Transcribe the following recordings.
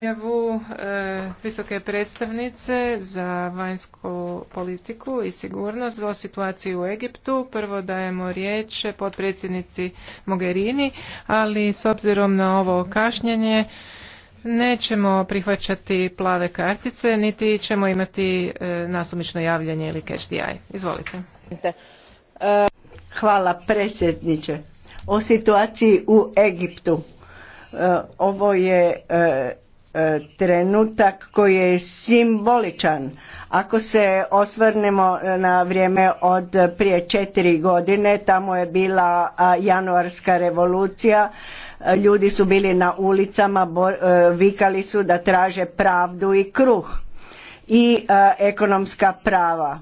Javu e, visoke predstavnice za vanjsku politiku i sigurnost o situaciji u Egiptu. Prvo dajemo riječ potpredsjednici Mogherini, ali s obzirom na ovo kašnjenje nećemo prihvaćati plave kartice, niti ćemo imati e, nasumično javljanje ili catch the Izvolite. Hvala predsjedniče. O situaciji u Egiptu. E, ovo je E, trenutak koji je simboličan. Ako se osvrnemo e, na vrijeme od prije četiri godine, tamo je bila januarska revolucija, e, ljudi su bili na ulicama, vikali su da traže pravdu i kruh i ekonomska prava.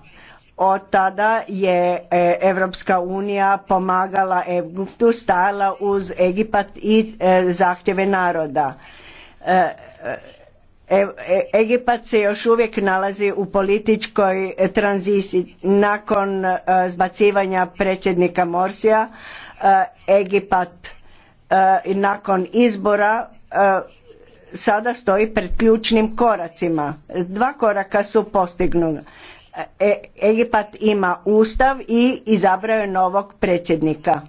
Od tada je Europska unija pomagala Egiptu, stajala uz Egipat i zahtjeve naroda. E, e, Egipat se još uvijek nalazi u političkoj tranziciji nakon e, zbacivanja predsjednika Morsija. Egipat nakon izbora sada stoji pred ključnim koracima. Dva koraka su postignuta. Egipat ima ustav i izabrao je novog predsjednika.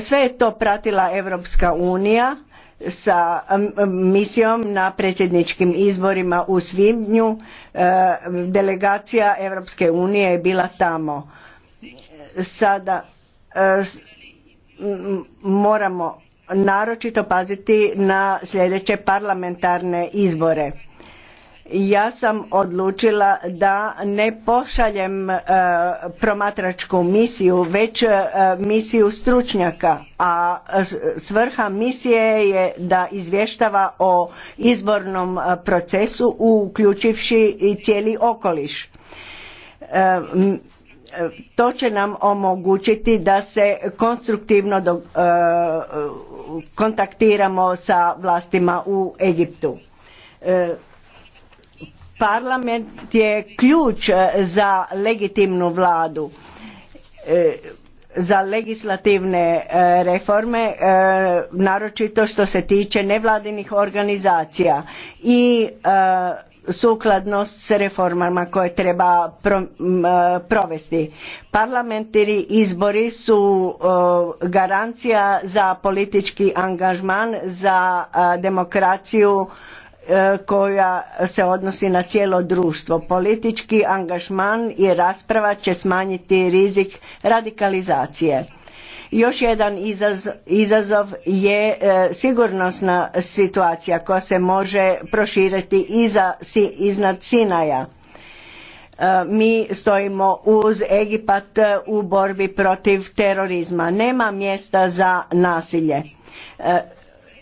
Sve je to pratila Europska unija sa misijom na predsjedničkim izborima u svibnju e, delegacija Europske unije je bila tamo sada e, moramo naročito paziti na sljedeće parlamentarne izbore ja sam odlučila da ne pošaljem e, promatračku misiju već e, misiju stručnjaka a svrha misije je da izvještava o izbornom e, procesu uključivši i cijeli okoliš to će nam omogućiti da se konstruktivno kontaktiramo sa vlastima u Egiptu parlament je ključ eh, za legitimnu vladu eh, za legislativne eh, reforme naročito što se tiče nevladinih organizacija i sukladnost s reformama koje treba provesti. Parlamentarni izbori su garancija za politički angažman, za demokraciju E, koja se odnosi na cijelo društvo. Politički angažman i rasprava će smanjiti rizik radikalizacije. Još jedan izazov je e, sigurnosna situacija koja se može proširiti iza, iznad Sinaja. E, mi stojimo uz Egipat u borbi protiv terorizma. Nema mjesta za nasilje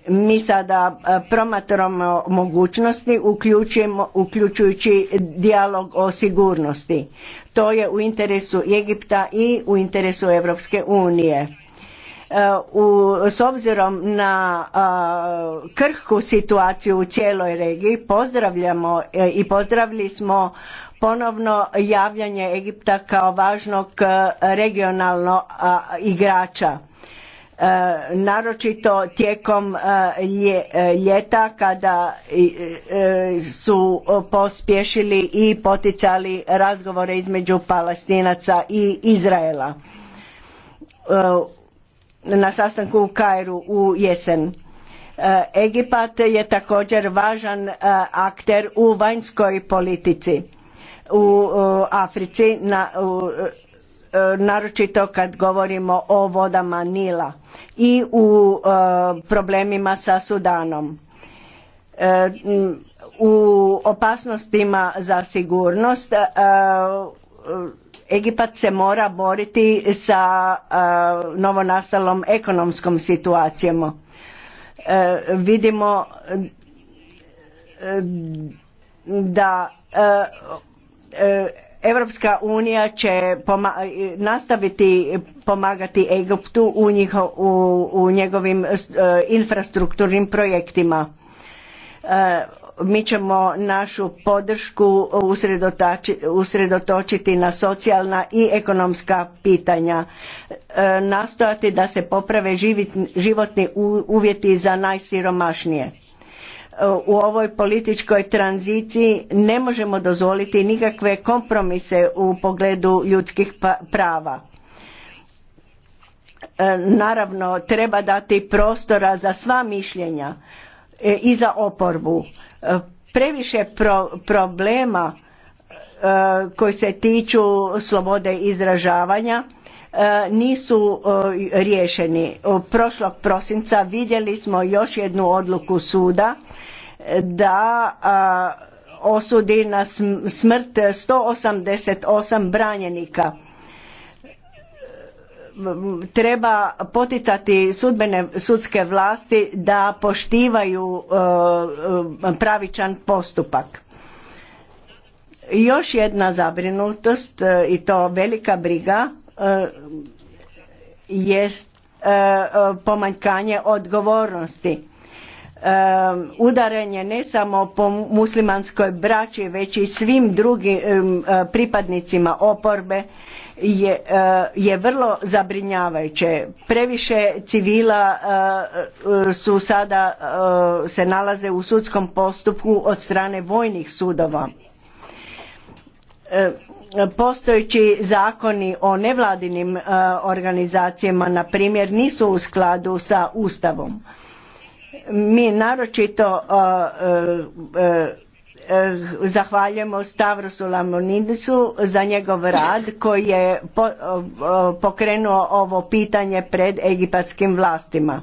mi sada e, promatramo mogućnosti uključujući dijalog o sigurnosti. To je u interesu Egipta i u interesu Europske unije. E, u, s obzirom na krhku situaciju u cijeloj regiji pozdravljamo e, i pozdravili smo ponovno javljanje Egipta kao važnog regionalnog igrača E, naročito tijekom e, e, ljeta kada su pospješili i poticali razgovore između palestinaca i Izraela na sastanku u Kairu u jesen. Egipat je također važan akter u vanjskoj politici u Africi E, naročito kad govorimo o vodama Nila i u e, problemima sa Sudanom e, u opasnostima za sigurnost Egipat se mora boriti sa novonastalom ekonomskom situacijom. Vidimo da Europska unija će nastaviti pomagati Egiptu u, u, njegovim e, infrastrukturnim projektima. E, mi ćemo našu podršku usredotočiti na socijalna i ekonomska pitanja, e, nastojati da se poprave životni uvjeti za najsiromašnije u ovoj političkoj tranziciji ne možemo dozvoliti nikakve kompromise u pogledu ljudskih pa, prava. E, naravno, treba dati prostora za sva mišljenja e, i za oporbu. E, previše problema koji se tiču slobode izražavanja nisu riješeni. Prošlog prosinca vidjeli smo još jednu odluku suda da osudi na smrt 188 branjenika treba poticati sudbene sudske vlasti da poštivaju e, pravičan postupak još jedna zabrinutost e, i to velika briga e, jest pomanjkanje odgovornosti udaranje ne samo po muslimanskoj braći već i svim drugim e, pripadnicima oporbe je, e, je vrlo zabrinjavajuće. Previše civila e, su sada se nalaze u sudskom postupku od strane vojnih sudova. Postojeći zakoni o nevladinim organizacijama, na primjer, nisu u skladu sa Ustavom mi naročito uh, uh, uh, zahvaljujemo Stavrosu Lamonidisu za njegov rad koji je pokrenuo ovo pitanje pred egipatskim vlastima.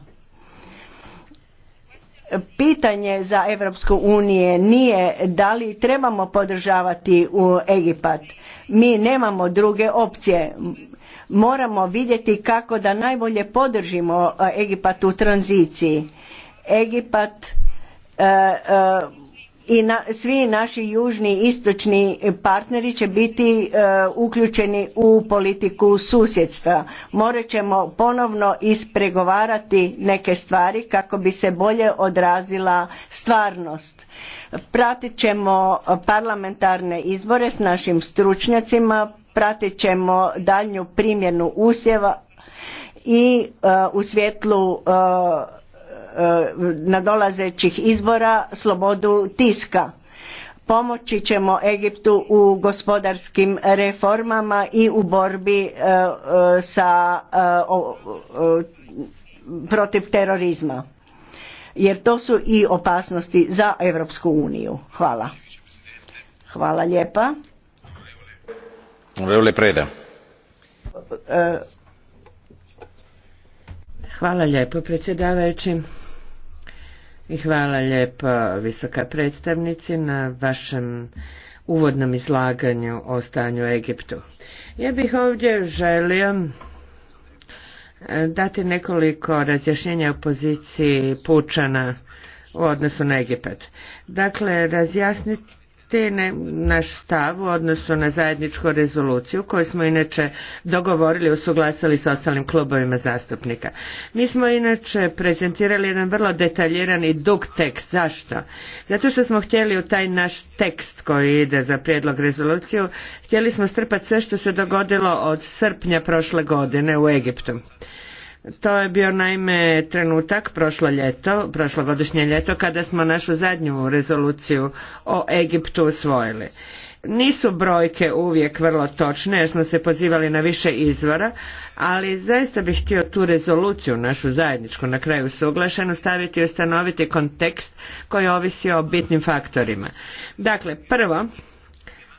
Pitanje za Europsku unije nije da li trebamo podržavati u Egipat. Mi nemamo druge opcije. Moramo vidjeti kako da najbolje podržimo Egipat u tranziciji Egipat e, e, i svi naši južni i istočni partneri će biti e, uključeni u politiku susjedstva. Morat ćemo ponovno ispregovarati neke stvari kako bi se bolje odrazila stvarnost. Pratit ćemo parlamentarne izbore s našim stručnjacima, pratit ćemo daljnju primjenu usjeva i u svjetlu Eh, nadolazećih izbora slobodu tiska pomoći ćemo Egiptu u gospodarskim reformama i u borbi eh, eh, sa protiv terorizma jer to su i opasnosti za Europsku uniju. Hvala. Hvala lijepa. Hvala lijepo predsjedavajući. I hvala lijepo visoka predstavnici na vašem uvodnom izlaganju o stanju Egiptu. Ja bih ovdje želio e, dati nekoliko razjašnjenja o poziciji pučana u odnosu na Egipet. Dakle, razjasniti te naš stav u odnosu na zajedničku rezoluciju koju smo inače dogovorili, usuglasili s ostalim klubovima zastupnika. Mi smo inače prezentirali jedan vrlo detaljiran i dug tekst. Zašto? Zato što smo htjeli u taj naš tekst koji ide za prijedlog rezoluciju, htjeli smo strpati sve što se dogodilo od srpnja prošle godine u Egiptu. To je bio naime trenutak prošlo ljeto, prošlogodišnje ljeto kada smo našu zadnju rezoluciju o Egiptu usvojili. Nisu brojke uvijek vrlo točne jer smo se pozivali na više izvora, ali zaista bih htio tu rezoluciju našu zajedničku na kraju suglašenu staviti i ustanoviti kontekst koji ovisi o bitnim faktorima. Dakle, prvo,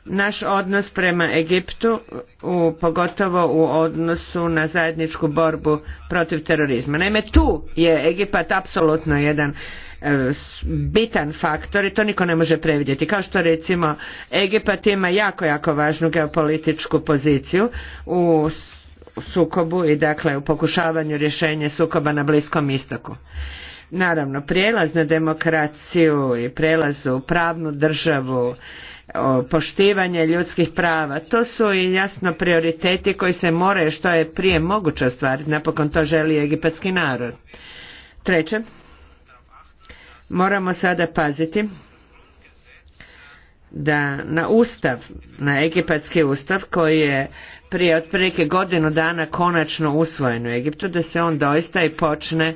naš odnos prema Egiptu, u, pogotovo u odnosu na zajedničku borbu protiv terorizma. Naime, tu je Egipat apsolutno jedan e, bitan faktor i to niko ne može previdjeti. Kao što recimo Egipat ima jako, jako važnu geopolitičku poziciju u sukobu i dakle u pokušavanju rješenja sukoba na Bliskom istoku. Naravno, prijelaz na demokraciju i prijelaz u pravnu državu poštivanje ljudskih prava. To su i jasno prioriteti koji se moraju što je prije moguće ostvariti. Napokon to želi egipatski narod. Treće, moramo sada paziti da na ustav, na egipatski ustav koji je prije otprilike godinu dana konačno usvojen u Egiptu, da se on doista i počne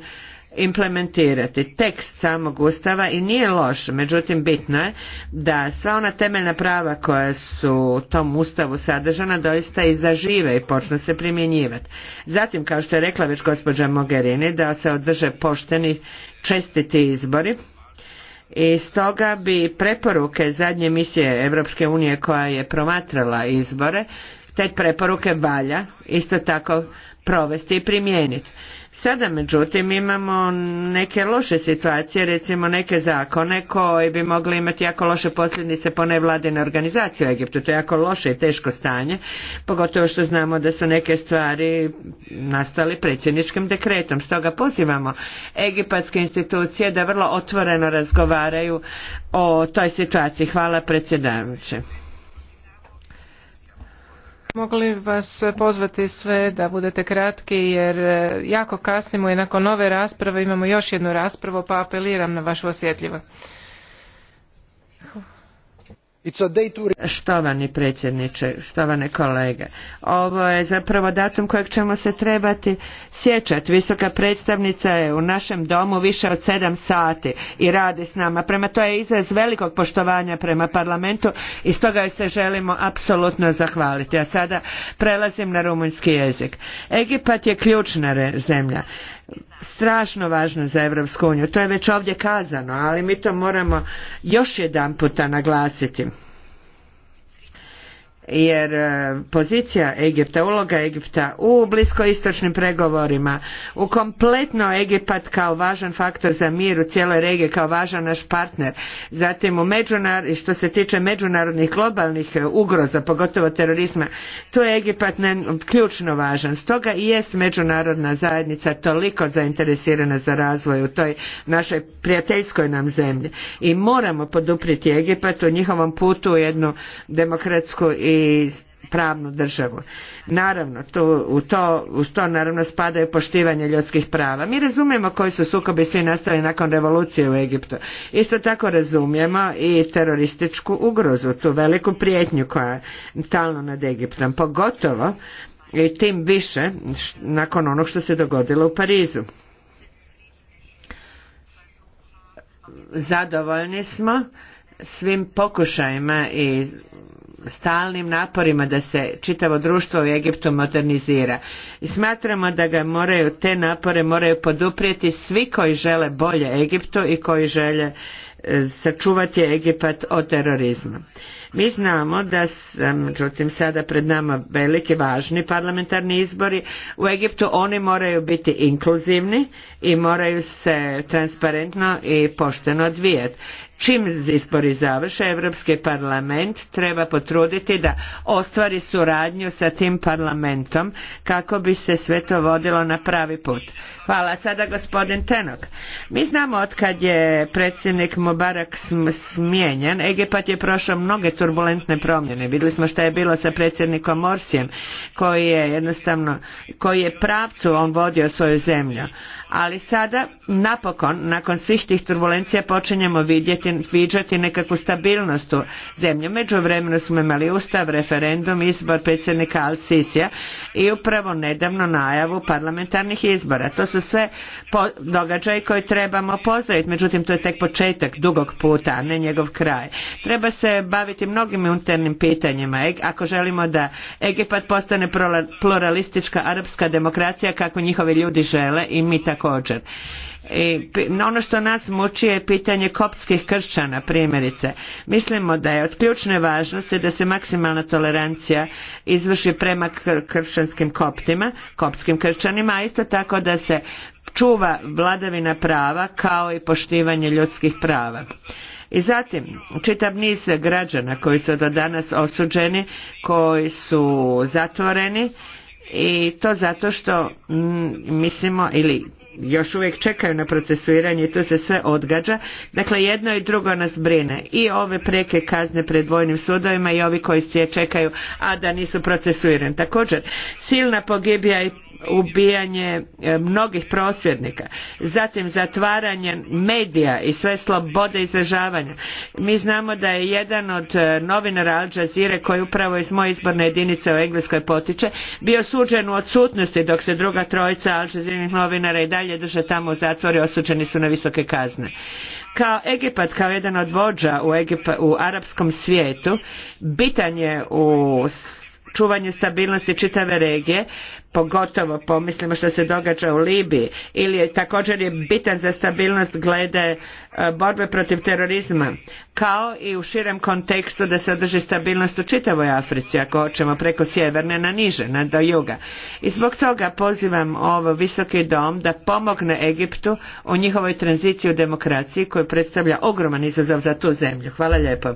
implementirati. Tekst samog Ustava i nije loš, međutim bitno je da sva ona temeljna prava koja su u tom Ustavu sadržana doista i zažive i počnu se primjenjivati. Zatim, kao što je rekla već gospođa Mogherini, da se održe pošteni čestiti izbori i stoga bi preporuke zadnje misije Europske unije koja je promatrala izbore, te preporuke valja isto tako provesti i primijeniti. Sada međutim imamo neke loše situacije, recimo neke zakone koji bi mogli imati jako loše posljedice po nevladine organizacije u Egiptu. To je jako loše i teško stanje, pogotovo što znamo da su neke stvari nastali predsjedničkim dekretom. Stoga pozivamo egipatske institucije da vrlo otvoreno razgovaraju o toj situaciji. Hvala predsjedavajući. Mogli vas pozvati sve da budete kratki jer e, jako kasnimo i nakon ove rasprave imamo još jednu raspravu pa apeliram na vašu osjetljivost. Štovani predsjedniče, štovane kolege, ovo je zapravo datum kojeg ćemo se trebati sjećati. Visoka predstavnica je u našem domu više od sedam sati i radi s nama. Prema to je izraz velikog poštovanja prema parlamentu i stoga joj se želimo apsolutno zahvaliti. A sada prelazim na rumunjski jezik. Egipat je ključna zemlja strašno važno za Europsku uniju. To je već ovdje kazano, ali mi to moramo još jedan puta naglasiti jer e, pozicija Egipta, uloga Egipta u bliskoistočnim pregovorima, u kompletno Egipat kao važan faktor za mir u cijeloj regiji, kao važan naš partner, zatim u međunar, što se tiče međunarodnih globalnih e, ugroza, pogotovo terorizma, tu je Egipat ne, ključno važan. Stoga i jest međunarodna zajednica toliko zainteresirana za razvoj u toj našoj prijateljskoj nam zemlji. I moramo poduprijeti Egipat u njihovom putu u jednu demokratsku i pravnu državu. Naravno, to, u to, uz to naravno spada poštivanje ljudskih prava. Mi razumijemo koji su sukobi svi nastali nakon revolucije u Egiptu. Isto tako razumijemo i terorističku ugrozu, tu veliku prijetnju koja je stalno nad Egiptom. Pogotovo i tim više nakon onog što se dogodilo u Parizu. Zadovoljni smo svim pokušajima i stalnim naporima da se čitavo društvo u Egiptu modernizira. I smatramo da ga moraju, te napore moraju poduprijeti svi koji žele bolje Egiptu i koji žele e, sačuvati Egipat od terorizma. Mi znamo da, međutim, sada pred nama veliki, važni parlamentarni izbori. U Egiptu oni moraju biti inkluzivni i moraju se transparentno i pošteno odvijati čim izbori završe, Europski parlament treba potruditi da ostvari suradnju sa tim parlamentom kako bi se sve to vodilo na pravi put. Hvala. Sada gospodin Tenok. Mi znamo od kad je predsjednik Mubarak smijenjen, Egipat je prošao mnoge turbulentne promjene. Vidjeli smo što je bilo sa predsjednikom Morsijem koji je jednostavno, koji je pravcu on vodio svoju zemlju ali sada napokon nakon svih tih turbulencija počinjemo vidjeti, viđati nekakvu stabilnost u zemlji. međuvremenu smo imali ustav, referendum, izbor predsjednika Al-Sisija i upravo nedavno najavu parlamentarnih izbora. To su sve događaji koje trebamo pozdraviti, međutim to je tek početak dugog puta, a ne njegov kraj. Treba se baviti mnogim unutarnjim pitanjima. E, ako želimo da Egipat postane pluralistička arapska demokracija kako njihovi ljudi žele i mi tako također. I ono što nas muči je pitanje kopskih kršćana primjerice. Mislimo da je od ključne važnosti da se maksimalna tolerancija izvrši prema kršćanskim koptima, kopskim kršćanima, a isto tako da se čuva vladavina prava kao i poštivanje ljudskih prava. I zatim, čitav niz građana koji su do danas osuđeni, koji su zatvoreni i to zato što mislimo ili još uvijek čekaju na procesuiranje i to se sve odgađa. Dakle, jedno i drugo nas brine. I ove preke kazne pred vojnim sudovima i ovi koji se čekaju, a da nisu procesuirani. Također, silna pogibija i ubijanje e, mnogih prosvjednika, zatim zatvaranje medija i sve slobode izražavanja. Mi znamo da je jedan od e, novinara Al Jazeera koji upravo iz moje izborne jedinice u Engleskoj potiče bio suđen u odsutnosti dok se druga trojica Al Jazeera novinara i dalje drže tamo u zatvori osuđeni su na visoke kazne kao Egipat, kao jedan od vođa u, Egipa, u arapskom svijetu, bitan je u čuvanje stabilnosti čitave regije, pogotovo pomislimo što se događa u Libiji, ili je također je bitan za stabilnost glede e, borbe protiv terorizma, kao i u širem kontekstu da se održi stabilnost u čitavoj Africi, ako hoćemo preko sjeverne na niže, na do juga. I zbog toga pozivam ovo visoki dom da pomogne Egiptu u njihovoj tranziciji u demokraciji koja predstavlja ogroman izazov za tu zemlju. Hvala lijepo.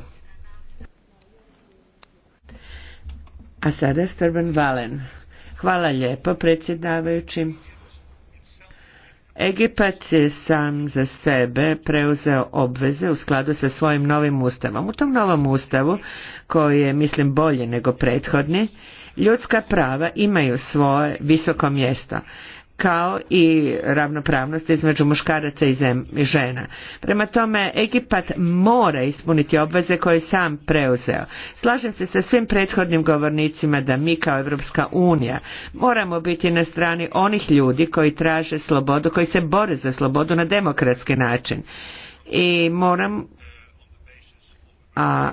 A sada Strben Valen. Hvala lijepo predsjedavajući. Egipat je sam za sebe preuzeo obveze u skladu sa svojim novim ustavom. U tom novom ustavu, koji je, mislim, bolje nego prethodni, ljudska prava imaju svoje visoko mjesto kao i ravnopravnost između muškaraca i, žena. Prema tome, Egipat mora ispuniti obveze koje je sam preuzeo. Slažem se sa svim prethodnim govornicima da mi kao Evropska unija moramo biti na strani onih ljudi koji traže slobodu, koji se bore za slobodu na demokratski način. I moram a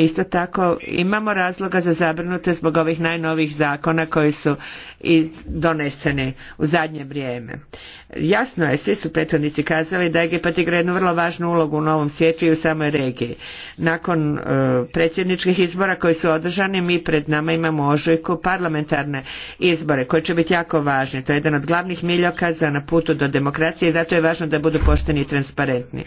Isto tako imamo razloga za zabrinute zbog ovih najnovih zakona koji su i donesene u zadnje vrijeme. Jasno je, svi su prethodnici kazali da Egipat igra jednu vrlo važnu ulogu u novom svijetu i u samoj regiji. Nakon e, predsjedničkih izbora koji su održani, mi pred nama imamo ožujku parlamentarne izbore koji će biti jako važni. To je jedan od glavnih miljokaza na putu do demokracije i zato je važno da budu pošteni i transparentni.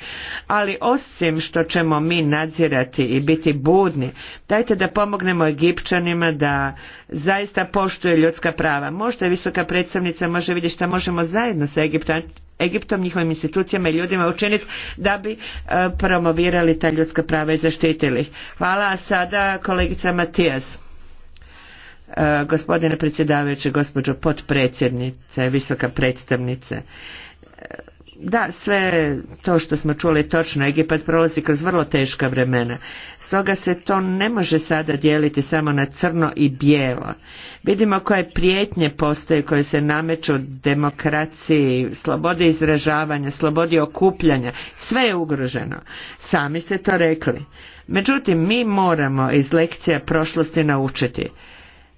Ali osim što ćemo mi nadzirati i biti budni, dajte da pomognemo Egipćanima da zaista poštuje ljudska prava prava. Možda visoka predstavnica može vidjeti šta možemo zajedno sa Egiptom, Egiptom njihovim institucijama i ljudima učiniti da bi e, promovirali ta ljudska prava i zaštitili ih. Hvala, a sada kolegica Matijas. E, gospodine predsjedavajući, gospođo potpredsjednice, visoka predstavnice. E, da, sve to što smo čuli točno, Egipat prolazi kroz vrlo teška vremena toga se to ne može sada dijeliti samo na crno i bijelo. Vidimo koje prijetnje postoje koje se nameću demokraciji, slobodi izražavanja, slobodi okupljanja. Sve je ugroženo. Sami ste to rekli. Međutim, mi moramo iz lekcija prošlosti naučiti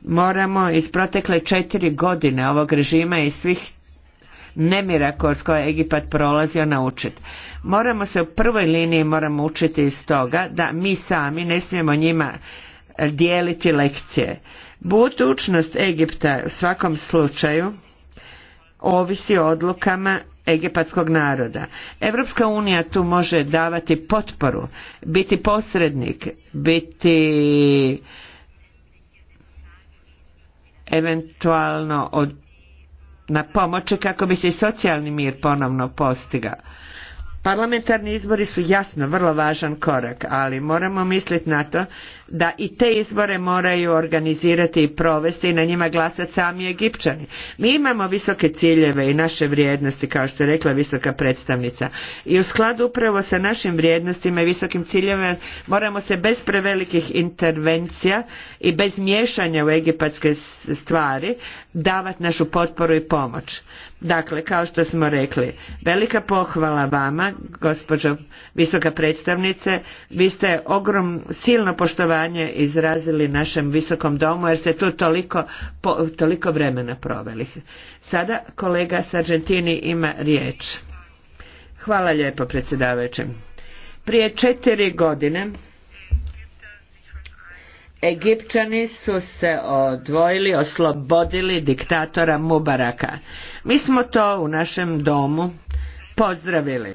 moramo iz protekle četiri godine ovog režima i svih nemira kroz koje Egipat prolazio naučiti. Moramo se u prvoj liniji moramo učiti iz toga da mi sami ne smijemo njima eh, dijeliti lekcije. Budućnost Egipta u svakom slučaju ovisi o odlukama egipatskog naroda. Europska unija tu može davati potporu, biti posrednik, biti eventualno od na pomoć kako bi se i socijalni mir ponovno postigao. Parlamentarni izbori su jasno vrlo važan korak, ali moramo misliti na to da i te izbore moraju organizirati i provesti i na njima glasati sami Egipćani. Mi imamo visoke ciljeve i naše vrijednosti, kao što je rekla visoka predstavnica. I u skladu upravo sa našim vrijednostima i visokim ciljevima moramo se bez prevelikih intervencija i bez miješanja u egipatske stvari davati našu potporu i pomoć. Dakle, kao što smo rekli, velika pohvala vama, gospođo visoka predstavnice, vi ste ogrom silno poštovali poštovanje izrazili našem visokom domu jer ste tu toliko, toliko vremena proveli. Sada kolega Sargentini ima riječ. Hvala lijepo predsjedavajućem. Prije četiri godine Egipćani su se odvojili, oslobodili diktatora Mubaraka. Mi smo to u našem domu pozdravili,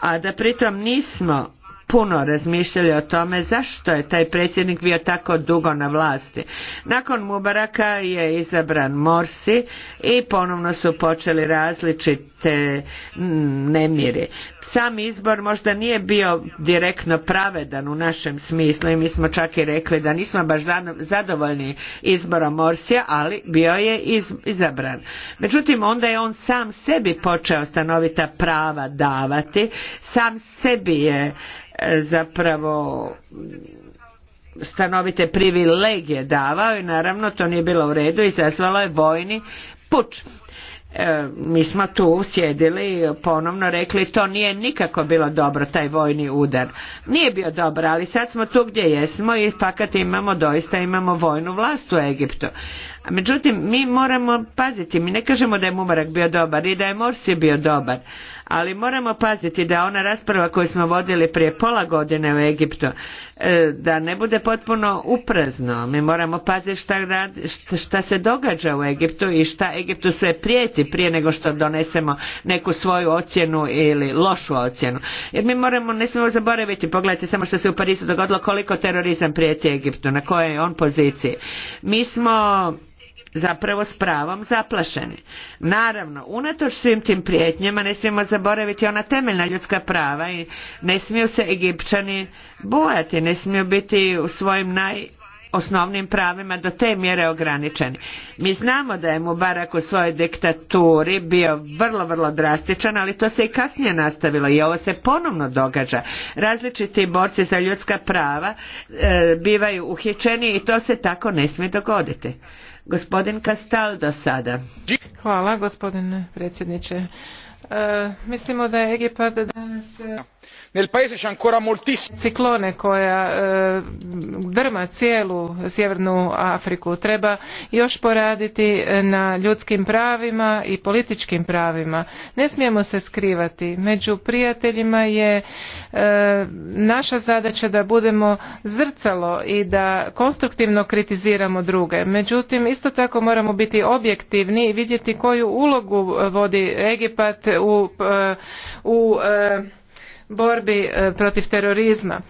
a da pritom nismo puno razmišljali o tome zašto je taj predsjednik bio tako dugo na vlasti. Nakon Mubaraka je izabran Morsi i ponovno su počeli različite mm, nemiri. Sam izbor možda nije bio direktno pravedan u našem smislu i mi smo čak i rekli da nismo baš zadovoljni izborom Morsija, ali bio je izabran. Međutim, onda je on sam sebi počeo stanovita prava davati, sam sebi je zapravo stanovite privilegije davao i naravno to nije bilo u redu i zazvalo je vojni puč. E, mi smo tu sjedili i ponovno rekli to nije nikako bilo dobro taj vojni udar. Nije bio dobro, ali sad smo tu gdje jesmo i fakat imamo doista imamo vojnu vlast u Egiptu. Međutim, mi moramo paziti, mi ne kažemo da je Mubarak bio dobar i da je Morsi bio dobar, ali moramo paziti da ona rasprava koju smo vodili prije pola godine u Egiptu e, da ne bude potpuno uprezno. mi moramo paziti šta, se događa u Egiptu i šta Egiptu se prijeti prije nego što donesemo neku svoju ocjenu ili lošu ocjenu jer mi moramo, ne smijemo zaboraviti pogledajte samo što se u Parizu dogodilo koliko terorizam prijeti Egiptu na kojoj je on poziciji mi smo zapravo s pravom zaplašeni. Naravno, unatoč svim tim prijetnjama ne smijemo zaboraviti ona temeljna ljudska prava i ne smiju se Egipćani bojati, ne smiju biti u svojim naj pravima do te mjere ograničeni. Mi znamo da je Mubarak u svojoj diktaturi bio vrlo, vrlo drastičan, ali to se i kasnije nastavilo i ovo se ponovno događa. Različiti borci za ljudska prava e, bivaju uhićeni i to se tako ne smije dogoditi. Gospodin do sada. Hvala gospodine predsjedniče. E, mislimo da je Egipat danas e, nel paese c'è ancora ciklone koja e, drma cijelu sjevernu Afriku treba još poraditi na ljudskim pravima i političkim pravima ne smijemo se skrivati među prijateljima je e, naša zadaća da budemo zrcalo i da konstruktivno kritiziramo druge međutim isto tako moramo biti objektivni i vidjeti koju ulogu vodi Egipat u, e, borbi e, protiv terorizma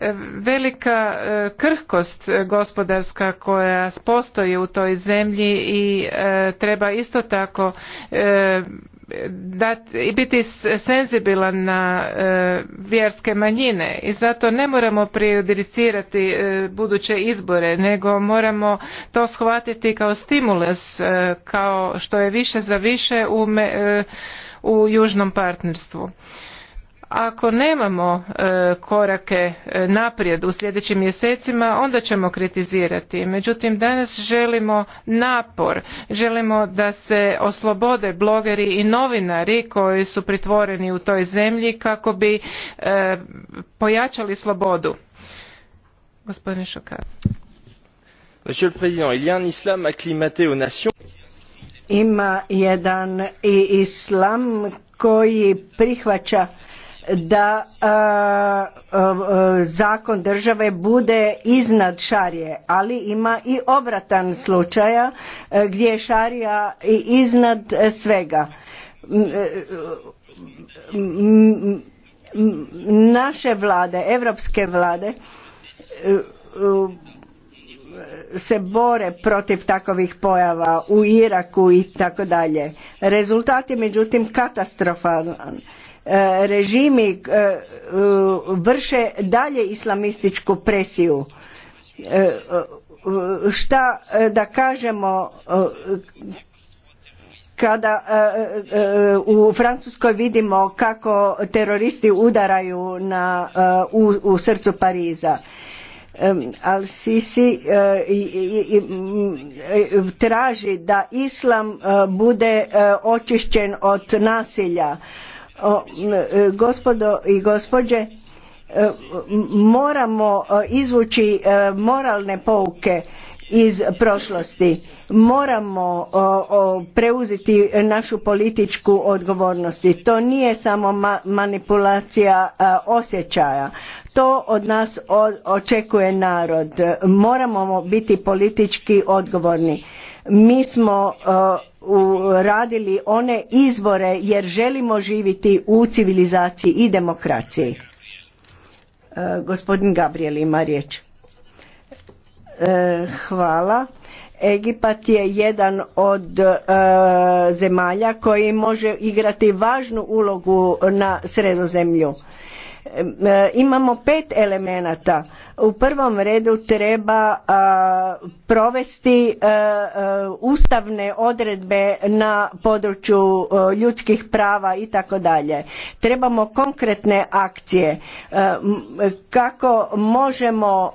e, velika e, krhkost gospodarska koja postoji u toj zemlji i treba isto tako i biti senzibilan na vjerske manjine i zato ne moramo prejudicirati buduće izbore nego moramo to shvatiti kao stimulus kao što je više za više u južnom partnerstvu ako nemamo e, korake e, naprijed u sljedećim mjesecima onda ćemo kritizirati međutim danas želimo napor želimo da se oslobode blogeri i novinari koji su pritvoreni u toj zemlji kako bi e, pojačali slobodu gospodine Šokar. Monsieur le Président, il y a un islam acclimaté aux nations. Ima jedan i islam koji prihvaća da zakon države bude iznad šarije, ali ima i obratan slučaja e, gdje je šarija iznad svega. E, naše vlade, evropske vlade e, se bore protiv takovih pojava u Iraku i tako dalje. Rezultat je međutim katastrofalan E, režimi e, e, vrše dalje islamističku presiju šta da kažemo kada u Francuskoj vidimo kako teroristi udaraju u, srcu Pariza. Al Sisi traži da islam bude očišćen od nasilja E, gospodo i gospođe e, moramo e, izvući moralne pouke iz prošlosti moramo preuzeti našu političku odgovornost to nije samo manipulacija osjećaja to od nas očekuje narod moramo biti politički odgovorni mi smo radili one izbore jer želimo živjeti u civilizaciji i demokraciji. E, gospodin Gabriel ima riječ. E, hvala. Egipat je jedan od e, zemalja koji može igrati važnu ulogu na sredozemlju. Imamo pet elemenata u prvom redu treba provesti ustavne odredbe na području ljudskih prava i tako dalje trebamo konkretne akcije kako možemo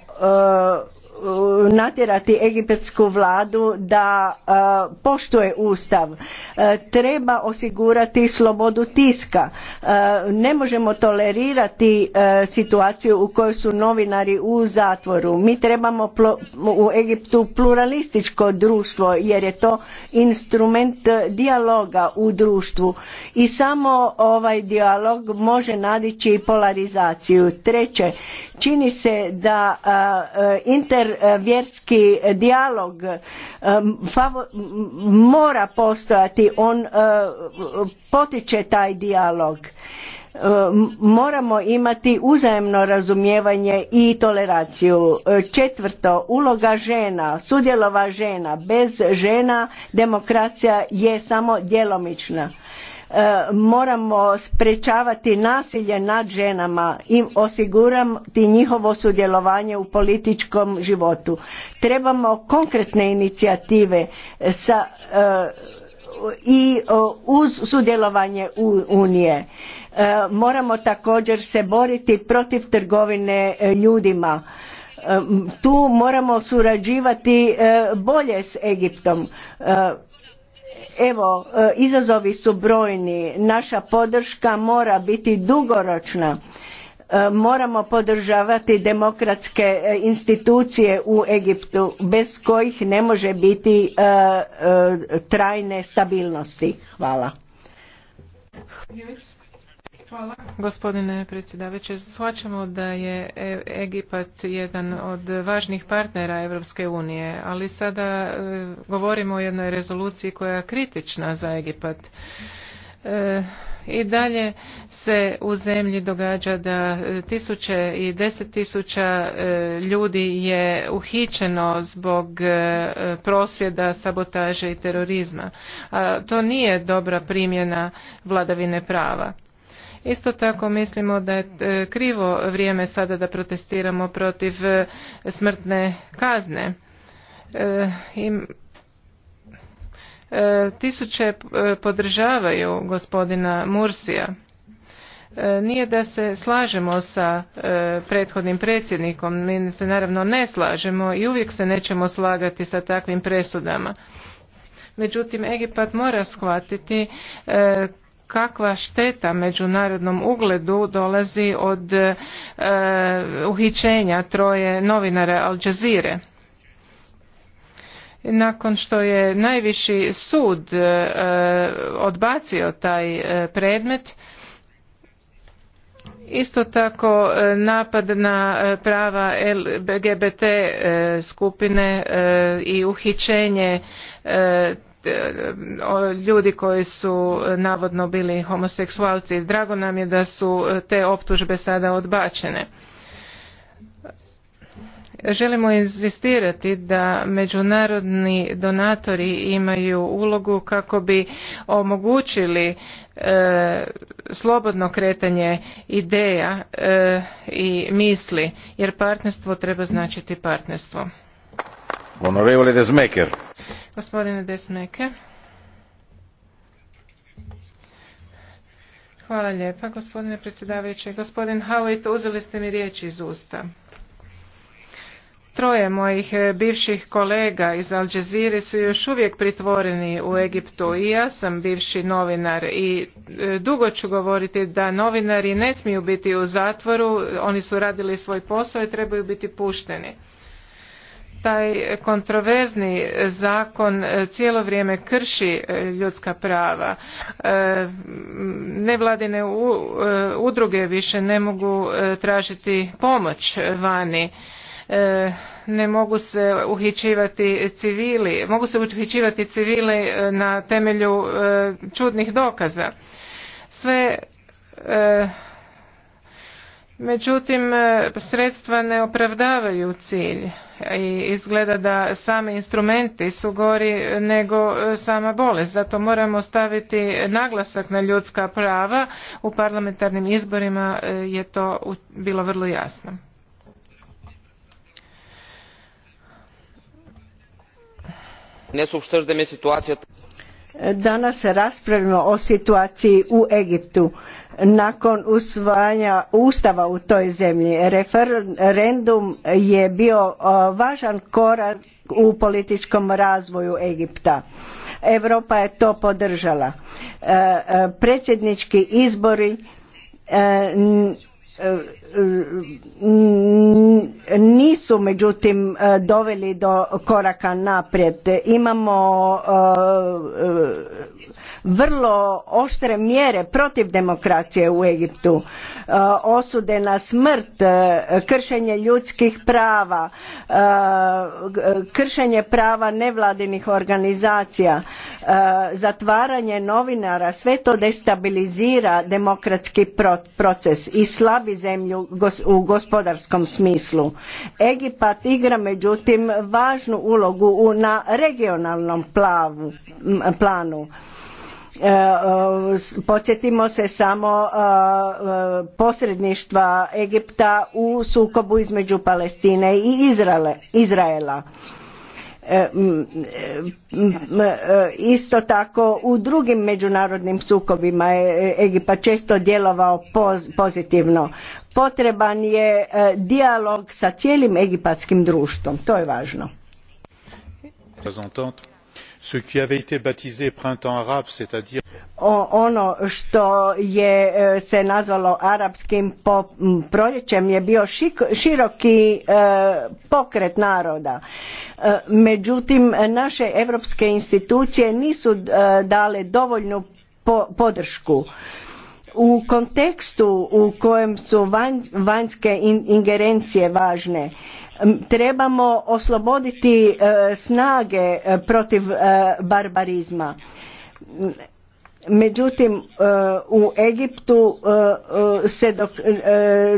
Uh, natjerati egipetsku vladu da uh, poštuje ustav uh, treba osigurati slobodu tiska ne možemo tolerirati situaciju u kojoj su novinari u zatvoru mi trebamo u Egiptu pluralističko društvo jer je to instrument dijaloga u društvu i samo ovaj dijalog može nadići polarizaciju treće Čini se da intervjerski dijalog mora postojati, on potiče taj dijalog moramo imati uzajemno razumijevanje i toleraciju. Četvrto, uloga žena, sudjelova žena. Bez žena demokracija je samo djelomična. E, moramo sprečavati nasilje nad ženama i osigurati njihovo sudjelovanje u političkom životu. Trebamo konkretne inicijative sa, e, i e, uz sudjelovanje Unije. Moramo također se boriti protiv trgovine ljudima tu moramo surađivati bolje s Egiptom Evo, e, izazovi su brojni, naša podrška mora biti dugoročna. E, moramo podržavati demokratske e, institucije u Egiptu bez kojih ne može biti trajne stabilnosti. Hvala. Hvala. Gospodine predsjedavajući, shvaćamo da je e- Egipat jedan od važnih partnera Europske unije, ali sada e, govorimo o jednoj rezoluciji koja je kritična za Egipat. E, I dalje se u zemlji događa da tisuće i deset tisuća ljudi je uhićeno zbog prosvjeda, sabotaže i terorizma. A to nije dobra primjena vladavine prava. Isto tako mislimo da je e, krivo vrijeme sada da protestiramo protiv e, smrtne kazne. E, I tisuće podržavaju gospodina Mursija. Nije da se slažemo sa prethodnim predsjednikom, mi se naravno ne slažemo i uvijek se nećemo slagati sa takvim presudama. Međutim, Egipat mora shvatiti kakva šteta međunarodnom ugledu dolazi od e, uhićenja troje novinara Al Jazeera? Nakon što je najviši sud e, odbacio taj e, predmet, Isto tako napad na prava LGBT skupine i uhićenje ljudi koji su e, navodno bili homoseksualci. Drago nam je da su e, te optužbe sada odbačene. Želimo insistirati da međunarodni donatori imaju ulogu kako bi omogućili e, slobodno kretanje ideja i misli jer partnerstvo treba značiti partnerstvo. Gospodine Desmeke. Hvala lijepa, gospodine predsjedavajući. Gospodin Howitt, uzeli ste mi riječ iz usta. Troje mojih e, bivših kolega iz Alđeziri su još uvijek pritvoreni u Egiptu i ja sam bivši novinar i e, dugo ću govoriti da novinari ne smiju biti u zatvoru, oni su radili svoj posao i trebaju biti pušteni taj kontroverzni zakon e, cijelo vrijeme krši e, ljudska prava. E, nevladine udruge više ne mogu tražiti pomoć vani ne mogu se uhićivati civili, mogu se uhićivati civili na temelju čudnih dokaza. Sve Međutim, e, sredstva ne opravdavaju cilj i izgleda da sami instrumenti su gori nego e, sama bolest. Zato moramo staviti naglasak na ljudska prava. U parlamentarnim izborima e, je to bilo vrlo jasno. ne su situacija Danas raspravimo o situaciji u Egiptu nakon usvajanja ustava u toj zemlji. Referendum je bio važan korak u političkom razvoju Egipta. Europa je to podržala. E, e, predsjednički izbori e, nisu međutim doveli do koraka naprijed. Imamo vrlo oštre mjere protiv demokracije u Egiptu, e, osude na smrt, e, kršenje ljudskih prava, e, kršenje prava nevladinih organizacija, zatvaranje novinara, sve to destabilizira demokratski proces i slabi zemlju u gospodarskom smislu. Egipat igra međutim važnu ulogu na regionalnom planu E, e, podsjetimo se samo e, posredništva Egipta u sukobu između Palestine i Izraela. Isto tako u drugim međunarodnim sukobima je Egipat često djelovao pozitivno. Potreban je dijalog sa cijelim egipatskim društvom, to je važno ce qui avait été ono što je e, se nazvalo arapskim proljećem je bio široki e, pokret naroda e, međutim naše europske institucije nisu dale dovoljnu podršku u kontekstu u kojem su vanjske ingerencije važne trebamo osloboditi e, snage e, protiv e, barbarizma međutim u Egiptu se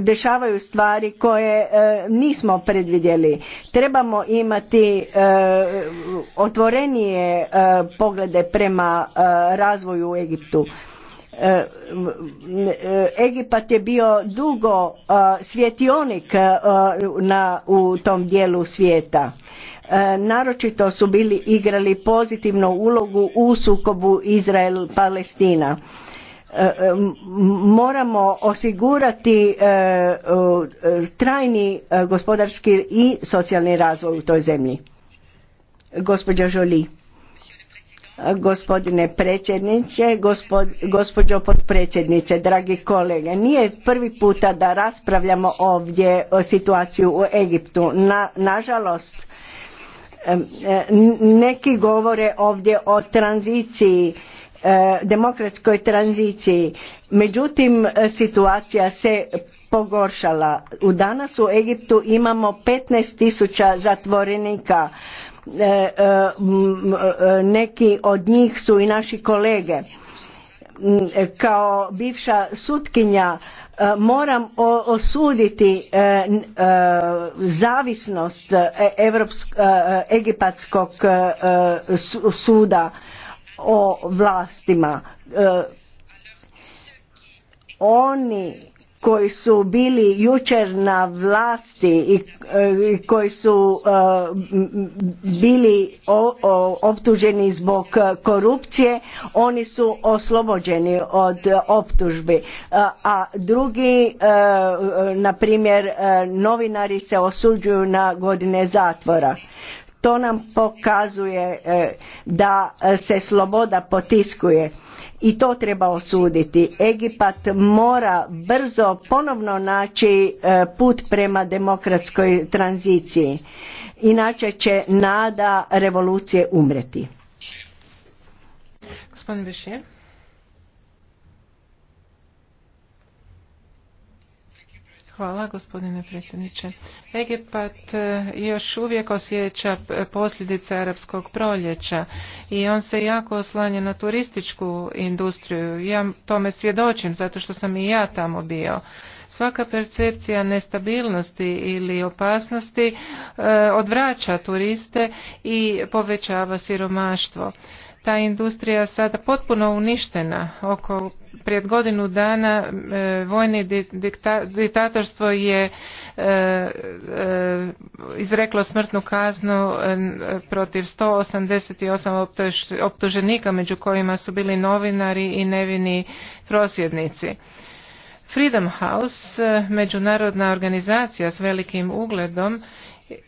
dešavaju stvari koje nismo predvidjeli trebamo imati otvorenije poglede prema razvoju u Egiptu Eh, eh, Egipat je bio dugo eh, svjetionik u tom dijelu svijeta. Naročito su bili igrali pozitivnu ulogu u sukobu Izrael-Palestina. Moramo osigurati trajni gospodarski i socijalni razvoj u toj zemlji. Gospođa Jolie gospodine predsjedniče, gospođo potpredsjednice, dragi kolege. Nije prvi puta da raspravljamo ovdje o situaciju u Egiptu. nažalost, neki govore ovdje o tranziciji e, demokratskoj tranziciji. Međutim, situacija se pogoršala. U danas u Egiptu imamo 15 tisuća zatvorenika E, e, e, neki od njih su i naši kolege kao bivša sutkinja moram osuditi zavisnost egipatskog suda o vlastima oni koji su bili jučer na vlasti i e, koji su e, bili optuženi zbog e, korupcije oni su oslobođeni od optužbi a drugi na primjer novinari se osuđuju na godine zatvora to nam pokazuje da se sloboda potiskuje i to treba osuditi. Egipat mora brzo ponovno naći e, put prema demokratskoj tranziciji. Inače će nada revolucije umreti. Gospodin Bešir. Hvala gospodine predsjedniče. Egipat e, još uvijek osjeća posljedice arapskog proljeća i on se jako oslanja na turističku industriju. Ja tome svjedočim zato što sam i ja tamo bio. Svaka percepcija nestabilnosti ili opasnosti e, odvraća turiste i povećava siromaštvo ta industrija sada potpuno uništena. Oko pred godinu dana e, vojni diktatorstvo je e, e, izreklo smrtnu kaznu e, protiv 188 optuženika među kojima su bili novinari i nevini prosvjednici. Freedom House, međunarodna organizacija s velikim ugledom,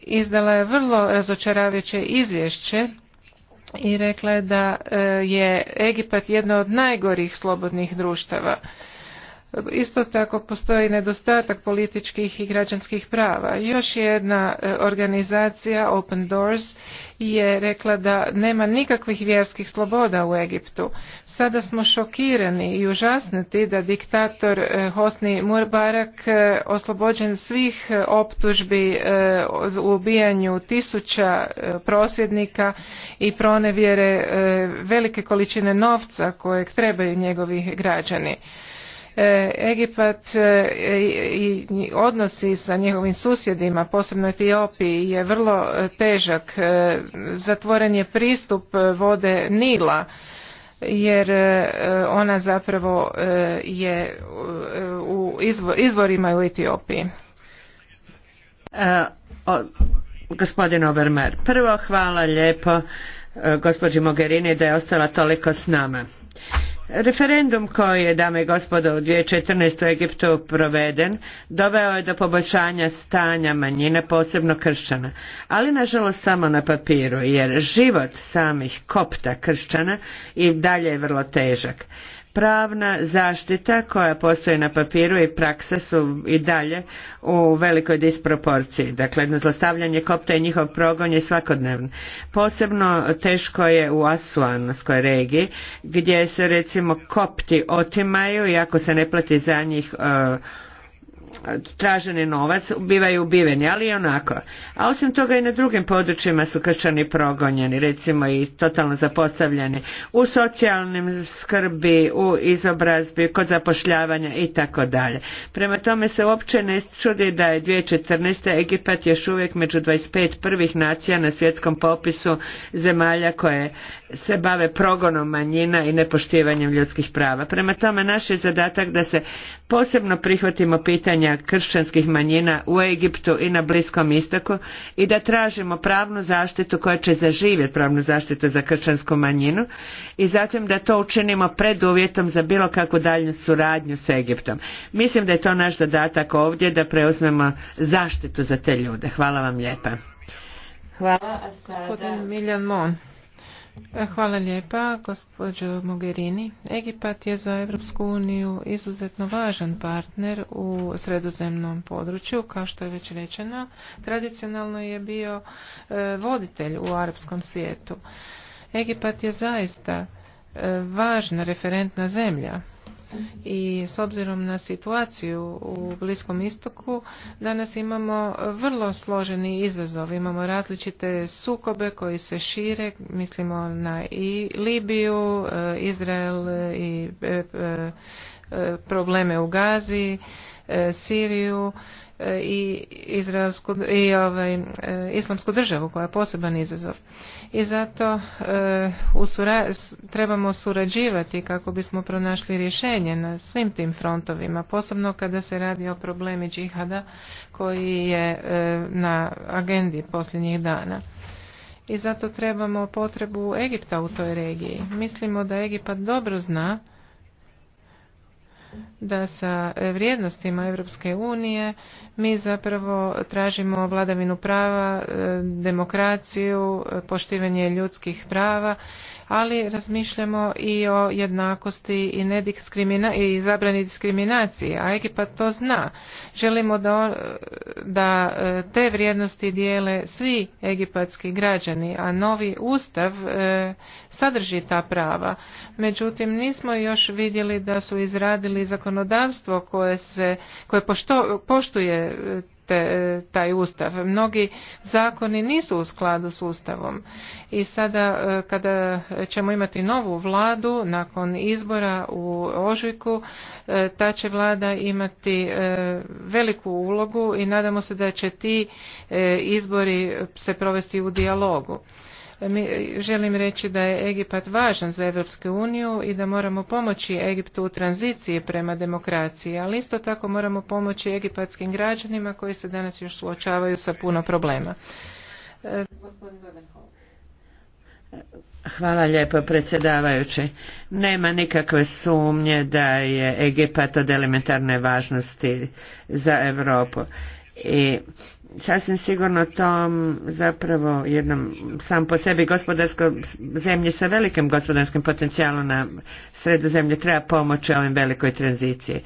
izdala je vrlo razočaravajuće izvješće i rekla je da e, je Egipat jedno od najgorih slobodnih društava. Isto tako postoji nedostatak političkih i građanskih prava. Još jedna e, organizacija Open Doors je rekla da nema nikakvih vjerskih sloboda u Egiptu. Sada smo šokirani i užasniti da diktator e, Hosni Murbarak e, oslobođen svih optužbi u ubijanju tisuća prosvjednika i pronevjere velike količine novca kojeg trebaju njegovi građani. E, Egipat e, i odnosi sa njegovim susjedima, posebno Etiopiji, je vrlo e, težak. Zatvoren je pristup vode Nila jer ona zapravo je u izvorima u Etiopiji. gospodin Obermer, prvo hvala lijepo gospođi Mogherini da je ostala toliko s nama. Referendum koji je, dame i gospodo, u 2014. u Egiptu proveden, doveo je do poboljšanja stanja manjina, posebno kršćana. Ali, nažalost, samo na papiru, jer život samih kopta kršćana i dalje je vrlo težak. Pravna zaštita koja postoji na papiru i praksa su i dalje u velikoj disproporciji. Dakle, zlostavljanje kopta i njihov progon je svakodnevno. Posebno teško je u Asuanskoj regiji gdje se recimo kopti otimaju i ako se ne plati za njih e, traženi novac bivaju ubiveni, ali i onako. A osim toga i na drugim područjima su kršćani progonjeni, recimo i totalno zapostavljeni u socijalnim skrbi, u izobrazbi, kod zapošljavanja i tako dalje. Prema tome se uopće ne čudi da je 2014. Egipat još uvijek među 25 prvih nacija na svjetskom popisu zemalja koje se bave progonom manjina i nepoštivanjem ljudskih prava. Prema tome naš je zadatak da se posebno prihvatimo pitanja kršćanskih manjina u Egiptu i na Bliskom istoku i da tražimo pravnu zaštitu koja će zaživjeti pravnu zaštitu za kršćansku manjinu i zatim da to učinimo preduvjetom za bilo kakvu daljnju suradnju s Egiptom. Mislim da je to naš zadatak ovdje da preuzmemo zaštitu za te ljude. Hvala vam lijepa. Hvala. E, hvala lijepa, gospođo Mogherini. Egipat je za Europsku uniju izuzetno važan partner u sredozemnom području, kao što je već rečeno. Tradicionalno je bio e, voditelj u arapskom svijetu. Egipat je zaista e, važna referentna zemlja i s obzirom na situaciju u Bliskom istoku danas imamo vrlo složeni izazov. Imamo različite sukobe koji se šire, mislimo na i Libiju, e, Izrael e, i e, probleme u Gazi, Siriju i, izraelsku, i ovaj, e, islamsku državu koja je poseban izazov. I zato e, trebamo surađivati kako bismo pronašli rješenje na svim tim frontovima, posebno kada se radi o problemi džihada koji je e, na agendi posljednjih dana i zato trebamo potrebu Egipta u toj regiji. Mislimo da Egipat dobro zna da sa vrijednostima Europske unije mi zapravo tražimo vladavinu prava, e, demokraciju, e, poštivanje ljudskih prava ali razmišljamo i o jednakosti i, nediskrimina i zabrani diskriminacije, a Egipat to zna. Želimo da, da e, te vrijednosti dijele svi egipatski građani, a novi ustav e, sadrži ta prava. Međutim, nismo još vidjeli da su izradili zakonodavstvo koje, se, koje pošto, poštuje e, E, taj ustav. Mnogi zakoni nisu u skladu s ustavom i sada e, kada ćemo imati novu vladu nakon izbora u Ožujku, e, ta će vlada imati veliku ulogu i nadamo se da će ti izbori se provesti u dijalogu. Mi želim reći da je Egipat važan za Evropsku uniju i da moramo pomoći Egiptu u tranziciji prema demokraciji, ali isto tako moramo pomoći egipatskim građanima koji se danas još suočavaju sa puno problema. E, Hvala lijepo predsjedavajući. Nema nikakve sumnje da je Egipat od elementarne važnosti za Europu. I sasvim sigurno to zapravo jednom sam po sebi gospodarsko zemlje sa velikim gospodarskim potencijalom na sredu zemlje treba pomoći ovim velikoj tranziciji.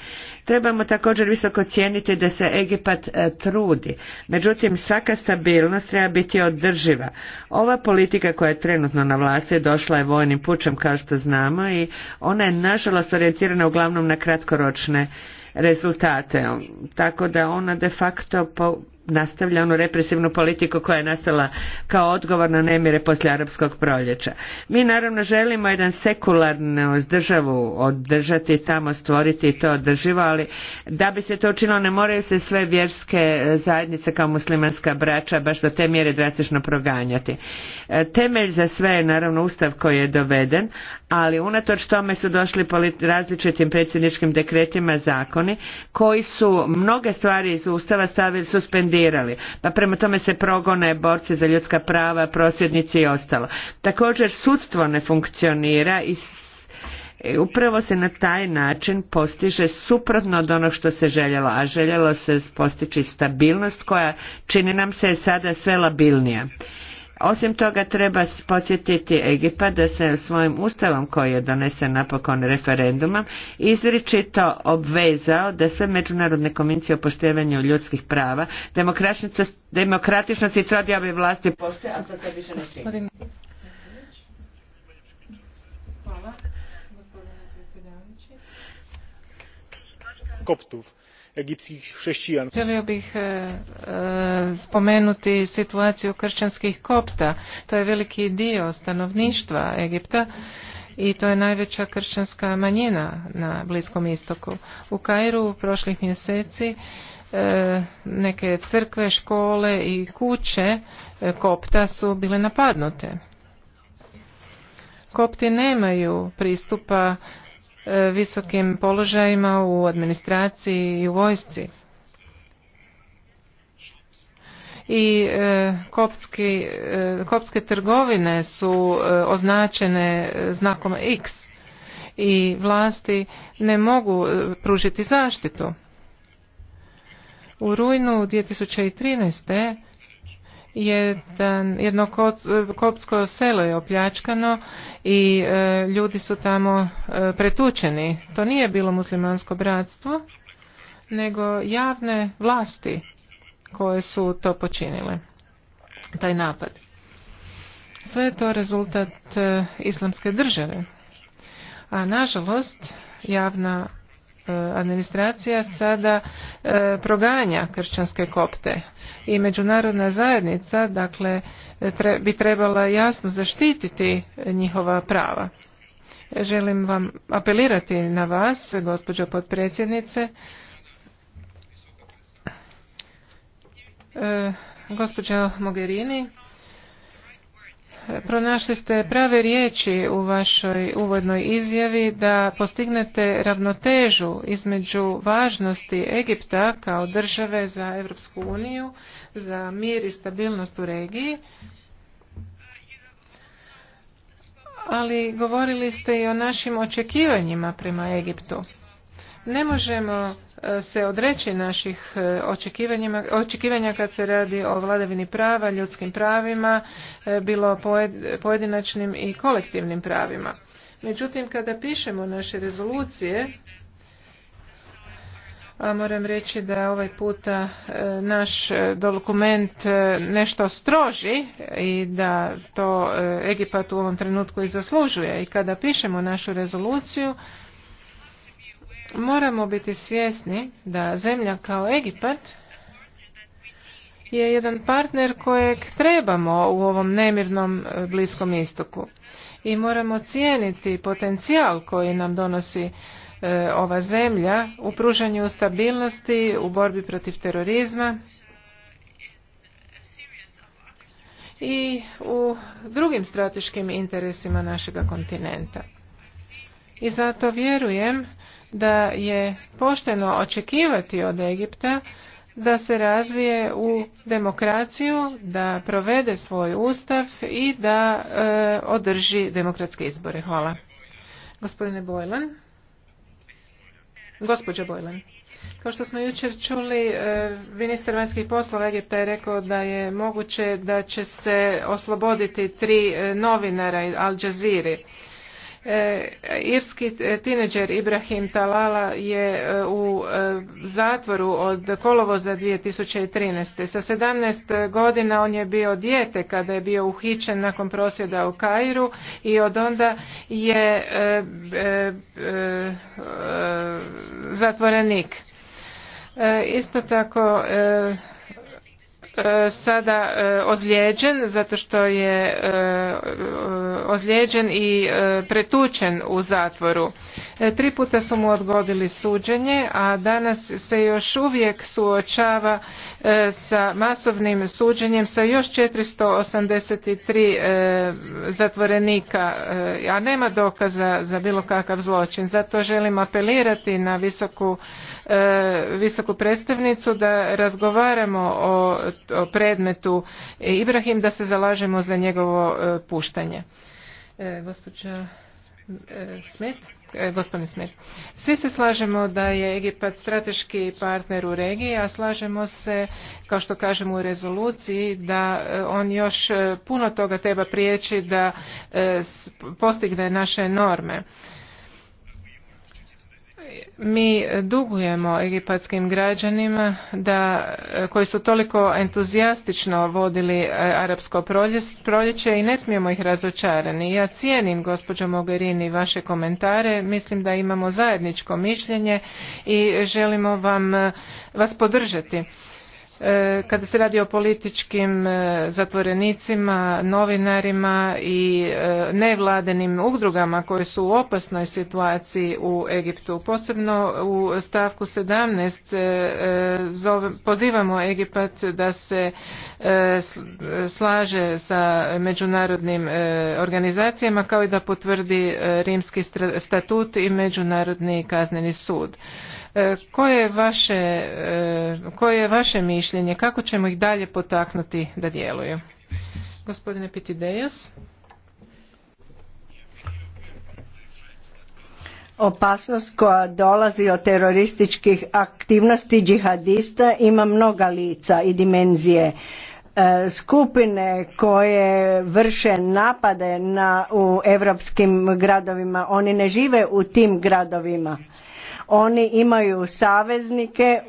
Trebamo također visoko cijeniti da se Egipat e, trudi. Međutim, svaka stabilnost treba biti održiva. Ova politika koja je trenutno na vlasti došla je vojnim pučem kao što znamo i ona je nažalost orijentirana uglavnom na kratkoročne rezultate. Tako da ona de facto po nastavlja onu represivnu politiku koja je nastala kao odgovor na nemire poslije arapskog proljeća. Mi naravno želimo jedan sekularnu državu održati tamo, stvoriti i to održivo, ali da bi se to učinilo ne moraju se sve vjerske e, zajednice kao muslimanska braća baš do te mjere drastično proganjati. E, temelj za sve je naravno ustav koji je doveden, ali unatoč tome su došli različitim predsjedničkim dekretima zakoni koji su mnoge stvari iz ustava stavili suspendirali pa prema tome se progone borci za ljudska prava, prosvjednici i ostalo. Također sudstvo ne funkcionira i e, upravo se na taj način postiže suprotno od onog što se željelo, a željelo se postići stabilnost koja čini nam se je sada sve labilnija. Osim toga treba podsjetiti Egipa da se svojim ustavom koji je donesen napokon referenduma izričito obvezao da sve međunarodne konvencije o poštivanju ljudskih prava, demokratičnost i trodiobe vlasti postoje, a to se više ne čini egipskih Želio bih e, e, spomenuti situaciju kršćanskih kopta. To je veliki dio stanovništva Egipta i to je najveća kršćanska manjina na Bliskom istoku. U Kairu u prošlih mjeseci e, neke crkve, škole i kuće kopta su bile napadnute. Kopti nemaju pristupa visokim položajima u administraciji i u vojsci. I e, kopske e, trgovine su e, označene znakom X i vlasti ne mogu pružiti zaštitu. U rujnu 2013 jedan, jedno kopsko selo je opljačkano i e, ljudi su tamo e, pretučeni. To nije bilo muslimansko bratstvo, nego javne vlasti koje su to počinile, taj napad. Sve je to rezultat e, islamske države. A nažalost, javna E, administracija sada e, proganja kršćanske kopte i međunarodna zajednica dakle bi trebala jasno zaštititi njihova prava. Želim vam apelirati na vas, gospođo potpredsjednice, e, gospođo Mogherini, pronašli ste prave riječi u vašoj uvodnoj izjavi da postignete ravnotežu između važnosti Egipta kao države za Europsku uniju, za mir i stabilnost u regiji. Ali govorili ste i o našim očekivanjima prema Egiptu. Ne možemo e, se odreći naših e, očekivanja kad se radi o vladavini prava, ljudskim pravima, e, bilo pojedinačnim i kolektivnim pravima. Međutim, kada pišemo naše rezolucije, a moram reći da je ovaj puta naš dokument nešto stroži i da to Egipat u ovom trenutku i zaslužuje. I kada pišemo našu rezoluciju, Moramo biti svjesni da zemlja kao Egipat je jedan partner kojeg trebamo u ovom nemirnom e, Bliskom istoku i moramo cijeniti potencijal koji nam donosi e, ova zemlja u pružanju stabilnosti, u borbi protiv terorizma i u drugim strateškim interesima našega kontinenta. I zato vjerujem da je pošteno očekivati od Egipta da se razvije u demokraciju, da provede svoj ustav i da e, održi demokratske izbore. Hvala. Gospodine Bojlan. Gospođa Bojlan. Kao što smo jučer čuli, e, ministar vanjskih poslova Egipta je rekao da je moguće da će se osloboditi tri e, novinara Al Jazeera E, Irski tineđer Ibrahim Talala je e, u e, zatvoru od kolovoza 2013. Sa 17 godina on je bio dijete kada je bio uhićen nakon prosvjeda u Kairu i od onda je zatvorenik. Isto tako E, sada e, ozlijeđen zato što je e, ozlijeđen i pretučen u zatvoru. Tri puta su mu odgodili suđenje, a danas se još uvijek suočava sa masovnim suđenjem sa još 483 zatvorenika, a nema dokaza za bilo kakav zločin. Zato želim apelirati na visoku E, visoku predstavnicu da razgovaramo o, predmetu Ibrahim, da se zalažemo za njegovo e, puštanje. E, Smet, gospodin Svi se slažemo da je Egipat strateški partner u regiji, a slažemo se, kao što kažemo u rezoluciji, da on još puno toga treba prijeći da postigne naše norme mi dugujemo egipatskim građanima da, koji su toliko entuzijastično vodili e, arapsko proljeće i ne smijemo ih razočarani. Ja cijenim gospođo Mogherini vaše komentare, mislim da imamo zajedničko mišljenje i želimo vam e, vas podržati. E, kada se radi o političkim e, zatvorenicima, novinarima i e, nevladenim udrugama koje su u opasnoj situaciji u Egiptu. Posebno u stavku 17 pozivamo Egipat da se slaže sa međunarodnim organizacijama kao i da potvrdi rimski statut i međunarodni kazneni sud. E, koje je vaše, e, koje je vaše mišljenje? Kako ćemo ih dalje potaknuti da djeluju? Gospodine Pitidejas. Opasnost koja dolazi od terorističkih aktivnosti džihadista ima mnoga lica i dimenzije. E, skupine koje vrše napade na, u europskim gradovima, oni ne žive u tim gradovima oni imaju saveznike e,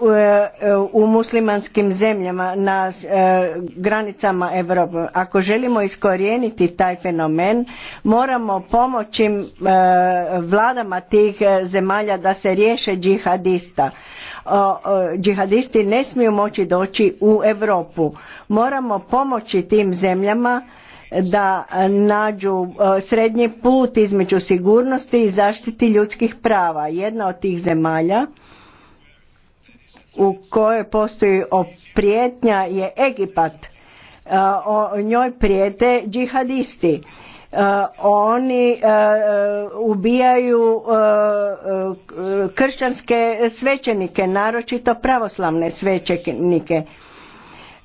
e, u muslimanskim zemljama na e, granicama Europe. Ako želimo iskorijeniti taj fenomen, moramo pomoći vladama tih zemalja da se riješe džihadista džihadisti ne smiju moći doći u Europu. Moramo pomoći tim zemljama da nađu e, srednji put između sigurnosti i zaštiti ljudskih prava. Jedna od tih zemalja u kojoj postoji prijetnja je Egipat. E, o njoj prijete džihadisti. E, oni ubijaju kršćanske svećenike, naročito pravoslavne svećenike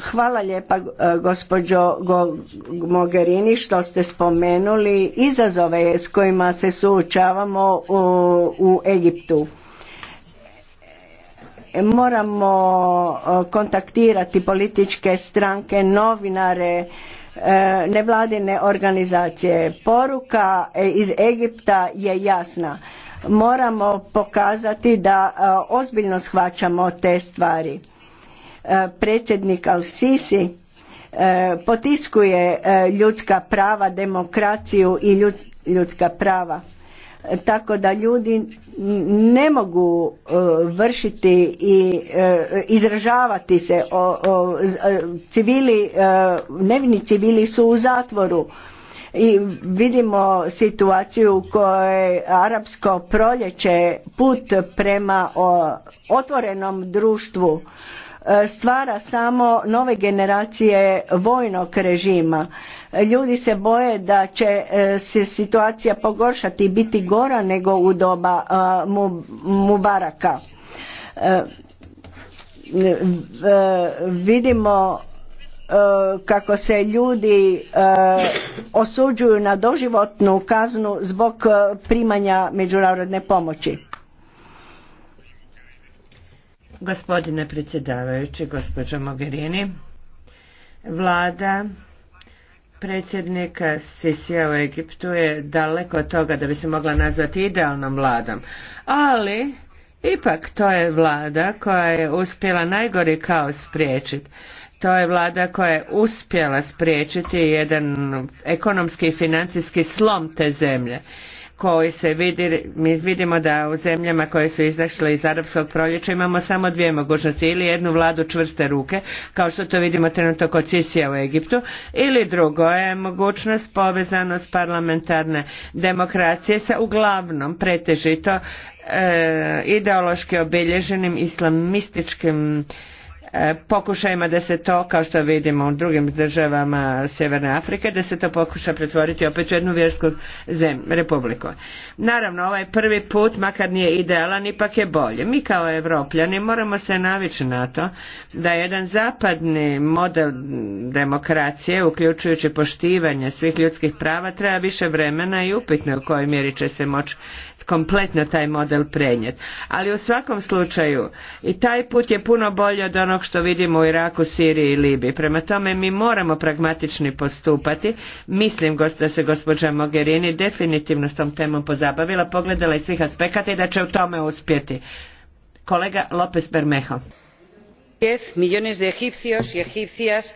Hvala lijepa e, gospođo Mogherini što ste spomenuli izazove s kojima se suočavamo u, u Egiptu. Moramo e, kontaktirati političke stranke, novinare, e, nevladine organizacije. Poruka iz Egipta je jasna moramo pokazati da e, ozbiljno shvaćamo te stvari. E, predsjednik Al-Sisi e, potiskuje ljudska prava, demokraciju i ljudska prava. Tako da ljudi ne mogu vršiti i izražavati se. Civili, nevini civili su u zatvoru i vidimo situaciju u kojoj arapsko proljeće put prema otvorenom društvu e, stvara samo nove generacije vojnog režima. Ljudi se boje da će e, se situacija pogoršati i biti gora nego u doba e, Mubaraka. Vidimo Eh, kako se ljudi eh, osuđuju na doživotnu kaznu zbog eh, primanja međunarodne pomoći. Gospodine predsjedavajući, gospođo Mogherini, vlada predsjednika Sisija u Egiptu je daleko od toga da bi se mogla nazvati idealnom vladom, ali ipak to je vlada koja je uspjela najgori kaos spriječiti to je vlada koja je uspjela spriječiti jedan ekonomski i financijski slom te zemlje koji se vidi, mi vidimo da u zemljama koje su izašle iz arapskog proljeća imamo samo dvije mogućnosti, ili jednu vladu čvrste ruke, kao što to vidimo trenutno kod u Egiptu, ili drugo je mogućnost povezanost parlamentarne demokracije sa uglavnom pretežito e, ideološki obilježenim islamističkim E, pokušajima da se to, kao što vidimo u drugim državama Sjeverne Afrike, da se to pokuša pretvoriti opet u jednu vjersku zemlju, republiku. Naravno, ovaj prvi put, makar nije idealan, ipak je bolje. Mi kao evropljani moramo se navići na to da jedan zapadni model demokracije, uključujući poštivanje svih ljudskih prava, treba više vremena i upitno u kojoj mjeri će se moći kompletno taj model prenijet Ali u svakom slučaju i taj put je puno bolji od onog što vidimo u Iraku, Siriji i Libiji. Prema tome mi moramo pragmatični postupati. Mislim da se gospođa Mogherini definitivno s tom temom pozabavila, pogledala iz svih aspekata i da će u tome uspjeti. Kolega Lopez Bermejo. millones de egipcios y egipcias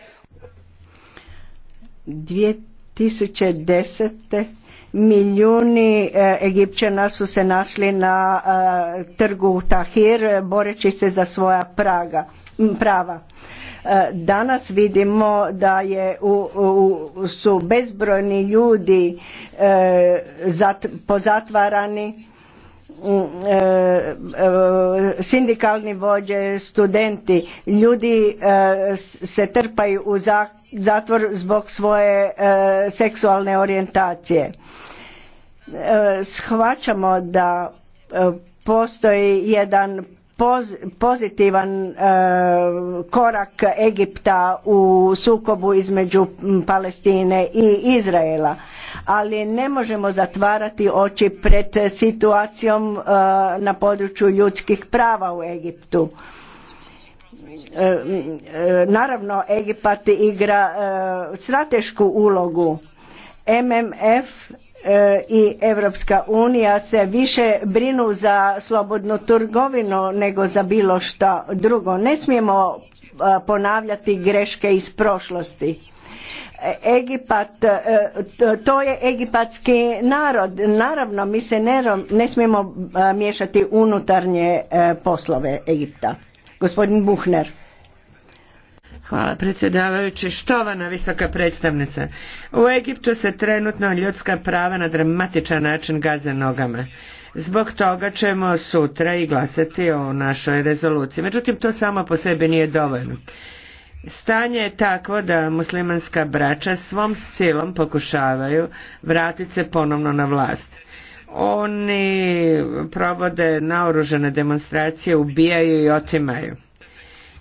2010. Milijuni e, Egipćana su se našli na e, trgu Tahir boreći se za svoja praga, prava. E, danas vidimo da je su bezbrojni ljudi pozatvarani sindikalni vođe, studenti, ljudi se trpaju u zatvor zbog svoje seksualne orijentacije E, shvaćamo da e, postoji jedan pozitivan e, korak Egipta u sukobu između Palestine i Izraela ali ne možemo zatvarati oči pred situacijom na području ljudskih prava u Egiptu naravno Egipat igra stratešku ulogu MMF E, i Europska unija se više brinu za slobodnu trgovinu nego za bilo što drugo. Ne smijemo e, ponavljati greške iz prošlosti. E, Egipat, to je egipatski narod. Naravno, mi se ne, smijemo miješati unutarnje poslove Egipta. Gospodin Buhner. Hvala predsjedavajući. Štovana visoka predstavnice. U Egiptu se trenutno ljudska prava na dramatičan način gaze nogama. Zbog toga ćemo sutra i glasati o našoj rezoluciji. Međutim, to samo po sebi nije dovoljno. Stanje je takvo da muslimanska braća svom silom pokušavaju vratiti se ponovno na vlast. Oni provode naoružane demonstracije, ubijaju i otimaju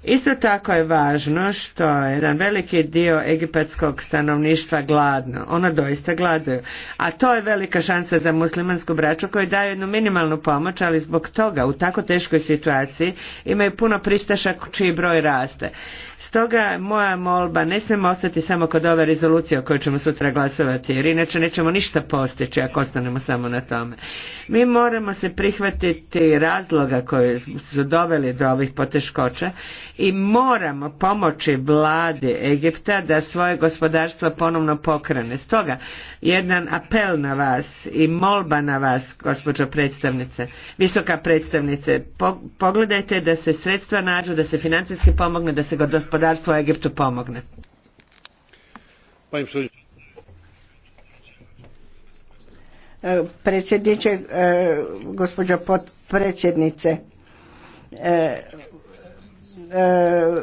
Isto tako je važno što je jedan veliki dio egipatskog stanovništva gladno. ona doista gladuju. A to je velika šansa za muslimansku braću koji daju jednu minimalnu pomoć, ali zbog toga u tako teškoj situaciji imaju puno pristaša čiji broj raste. Stoga moja molba, ne smijemo ostati samo kod ove rezolucije o kojoj ćemo sutra glasovati, jer inače nećemo ništa postići ako ostanemo samo na tome. Mi moramo se prihvatiti razloga koji su doveli do ovih poteškoća i moramo pomoći vladi Egipta da svoje gospodarstvo ponovno pokrene. Stoga, jedan apel na vas i molba na vas, gospođo predstavnice, visoka predstavnice, pogledajte da se sredstva nađu, da se financijski pomogne, da se gospodarstvo Egiptu pomogne. E, predsjedniče, e, gospođo potpredsjednice, e, E,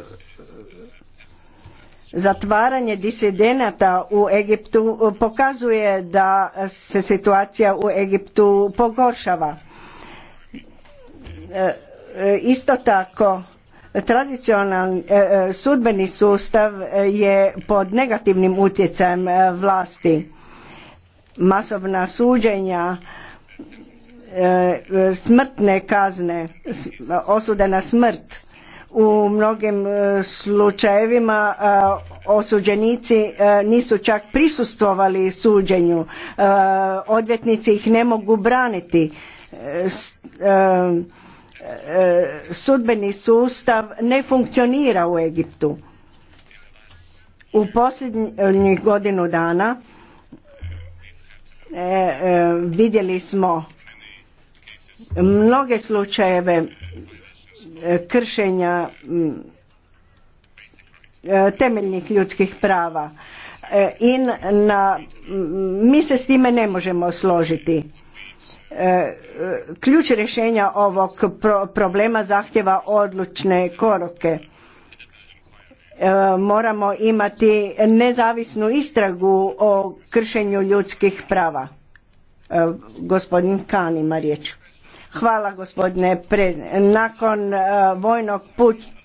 zatvaranje disidenata u Egiptu e, pokazuje da se situacija u Egiptu pogoršava. E, isto tako tradicionalni sudbeni sustav je pod negativnim utjecajem vlasti. Masovna suđenja smrtne kazne, osude na smrt u mnogim e, slučajevima e, osuđenici e, nisu čak prisustvovali suđenju, odvjetnici ih ne mogu braniti. Sudbeni sustav ne funkcionira u Egiptu. U posljednjih godinu dana vidjeli smo mnoge slučajeve E, kršenja e, temeljnih ljudskih prava e, i na, mi se s time ne možemo složiti. Ključ rješenja ovog problema zahtjeva odlučne koroke Moramo imati nezavisnu istragu o kršenju ljudskih prava. Gospodin Kan ima riječ. Hvala gospodine Nakon e, vojnog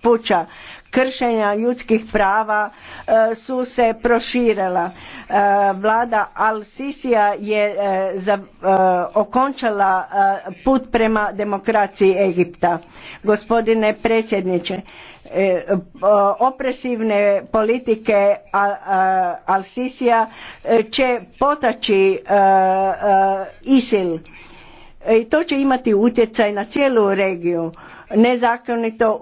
puća kršenja ljudskih prava e, su se proširila. E, vlada Al-Sisija je okončala put prema demokraciji Egipta. Gospodine predsjedniče, opresivne politike al će potaći ISIL E, i to će imati utjecaj na cijelu regiju nezakonito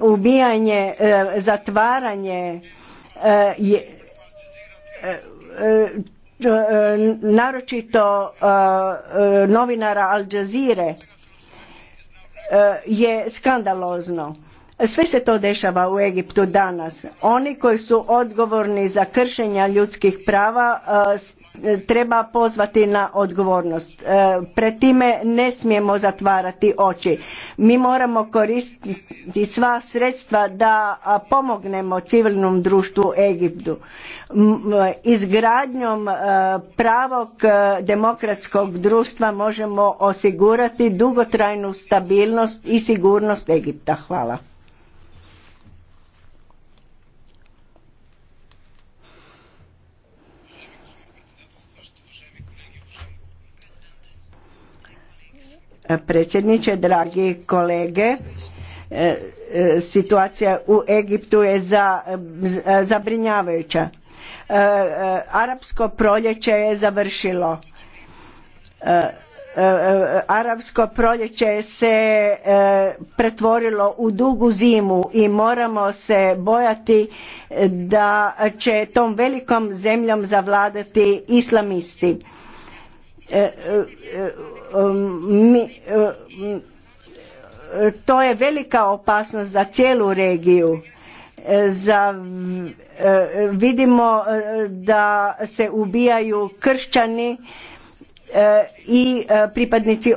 ubijanje zatvaranje naročito novinara Al Jazeere je skandalozno sve se to dešava u Egiptu danas. Oni koji su odgovorni za kršenja ljudskih prava e, e, treba pozvati na odgovornost. E, pred time ne smijemo zatvarati oči. Mi moramo koristiti sva sredstva da pomognemo civilnom društvu Egiptu. Izgradnjom pravog demokratskog društva možemo osigurati dugotrajnu stabilnost i sigurnost Egipta. Hvala. E, predsjedniče, dragi kolege. E, e, situacija u Egiptu je zabrinjavajuća. Arapsko proljeće je završilo. Arapsko proljeće se pretvorilo u dugu zimu i moramo se bojati da će tom velikom zemljom zavladati islamisti Um, mi, um, to je velika opasnost za cijelu regiju za uh, vidimo uh, da se ubijaju kršćani uh, i pripadnici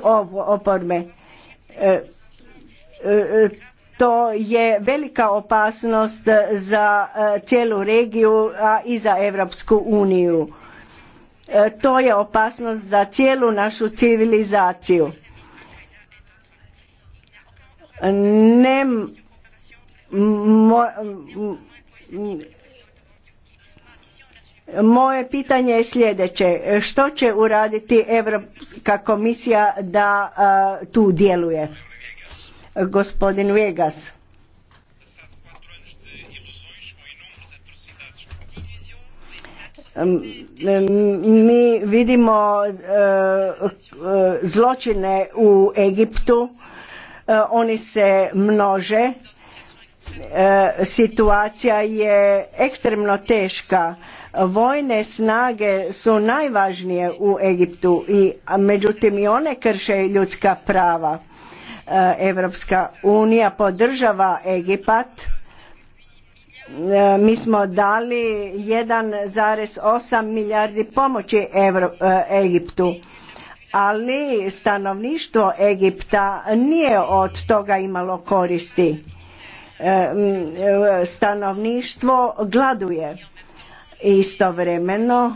oporme. to je velika opasnost za cijelu regiju a i za Europsku uniju E, to je opasnost za cijelu našu civilizaciju moje pitanje je sljedeće što će uraditi europska komisija da tu djeluje gospodin Vegas mi vidimo eh, zločine u Egiptu eh, oni se množe eh, situacija je ekstremno teška vojne snage su najvažnije u Egiptu i međutim i one krše ljudska prava Europska unija podržava Egipat E, mi smo dali 1,8 milijardi pomoći e, Egiptu ali stanovništvo Egipta nije od toga imalo koristi e, stanovništvo gladuje istovremeno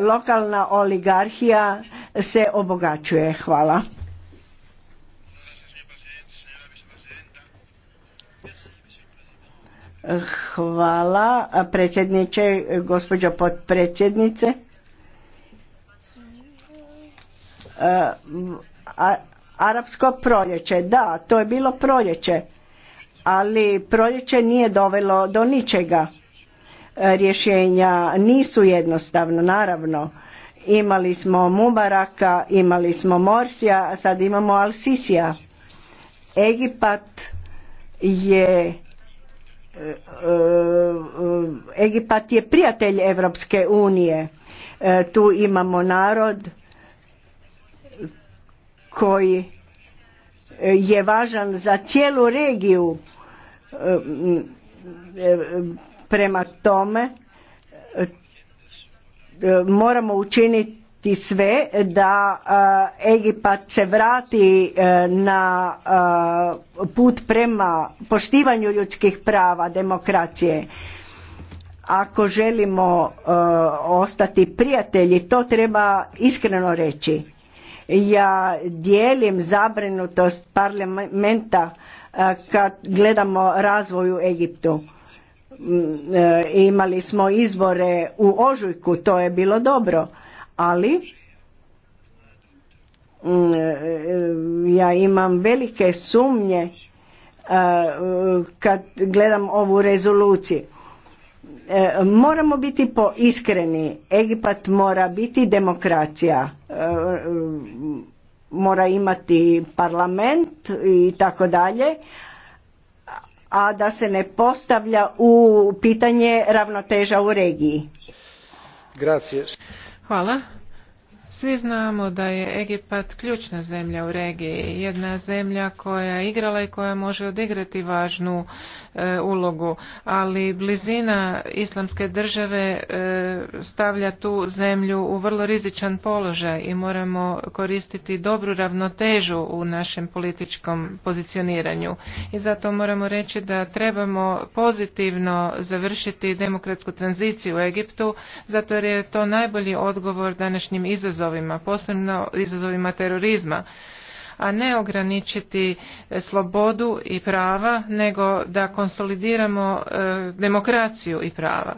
lokalna oligarhija se obogaćuje hvala Hvala predsjedniče, gospođo potpredsjednice. arapsko proljeće, da, to je bilo proljeće, ali proljeće nije dovelo do ničega. Rješenja nisu jednostavno, naravno. Imali smo Mubaraka, imali smo Morsija, a sad imamo Alsisija. Egipat je E, e, Egipat je prijatelj Evropske unije. E, tu imamo narod koji je važan za cijelu regiju. Prema tome moramo učiniti učiniti sve da e, Egipat se vrati e, na e, put prema poštivanju ljudskih prava, demokracije. Ako želimo ostati prijatelji, to treba iskreno reći. Ja dijelim zabrinutost parlamenta kad gledamo razvoj u Egiptu mm, imali smo izbore u ožujku to je bilo dobro ali mm, e, e, ja imam velike sumnje e, kad gledam ovu rezoluciju. Moramo biti poiskreni. iskreni. Egipat mora biti demokracija. Mora imati parlament i tako dalje. A da se ne postavlja u pitanje ravnoteža u regiji. Grazie. Hvala. Svi znamo da je Egipat ključna zemlja u regiji, jedna zemlja koja je igrala i koja može odigrati važnu E, ulogu, ali blizina islamske države e, stavlja tu zemlju u vrlo rizičan položaj i moramo koristiti dobru ravnotežu u našem političkom pozicioniranju. I zato moramo reći da trebamo pozitivno završiti demokratsku tranziciju u Egiptu, zato jer je to najbolji odgovor današnjim izazovima, posebno izazovima terorizma a ne ograničiti e, slobodu i prava, nego da konsolidiramo e, demokraciju i prava.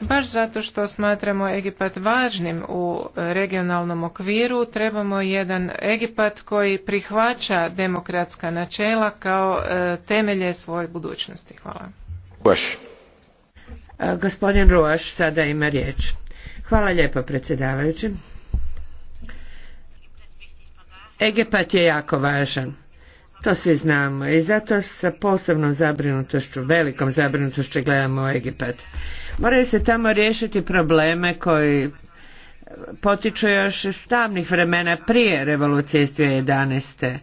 Baš zato što smatramo Egipat važnim u regionalnom okviru, trebamo jedan Egipat koji prihvaća demokratska načela kao e, temelje svoje budućnosti. Hvala. Baš. Gospodin Ruaš sada ima riječ. Hvala lijepo predsjedavajući. Egipat je jako važan. To svi znamo i zato sa posebnom zabrinutošću, velikom zabrinutošću gledamo u Egipat. Moraju se tamo riješiti probleme koji potiču još tamnih vremena prije revolucije iz 2011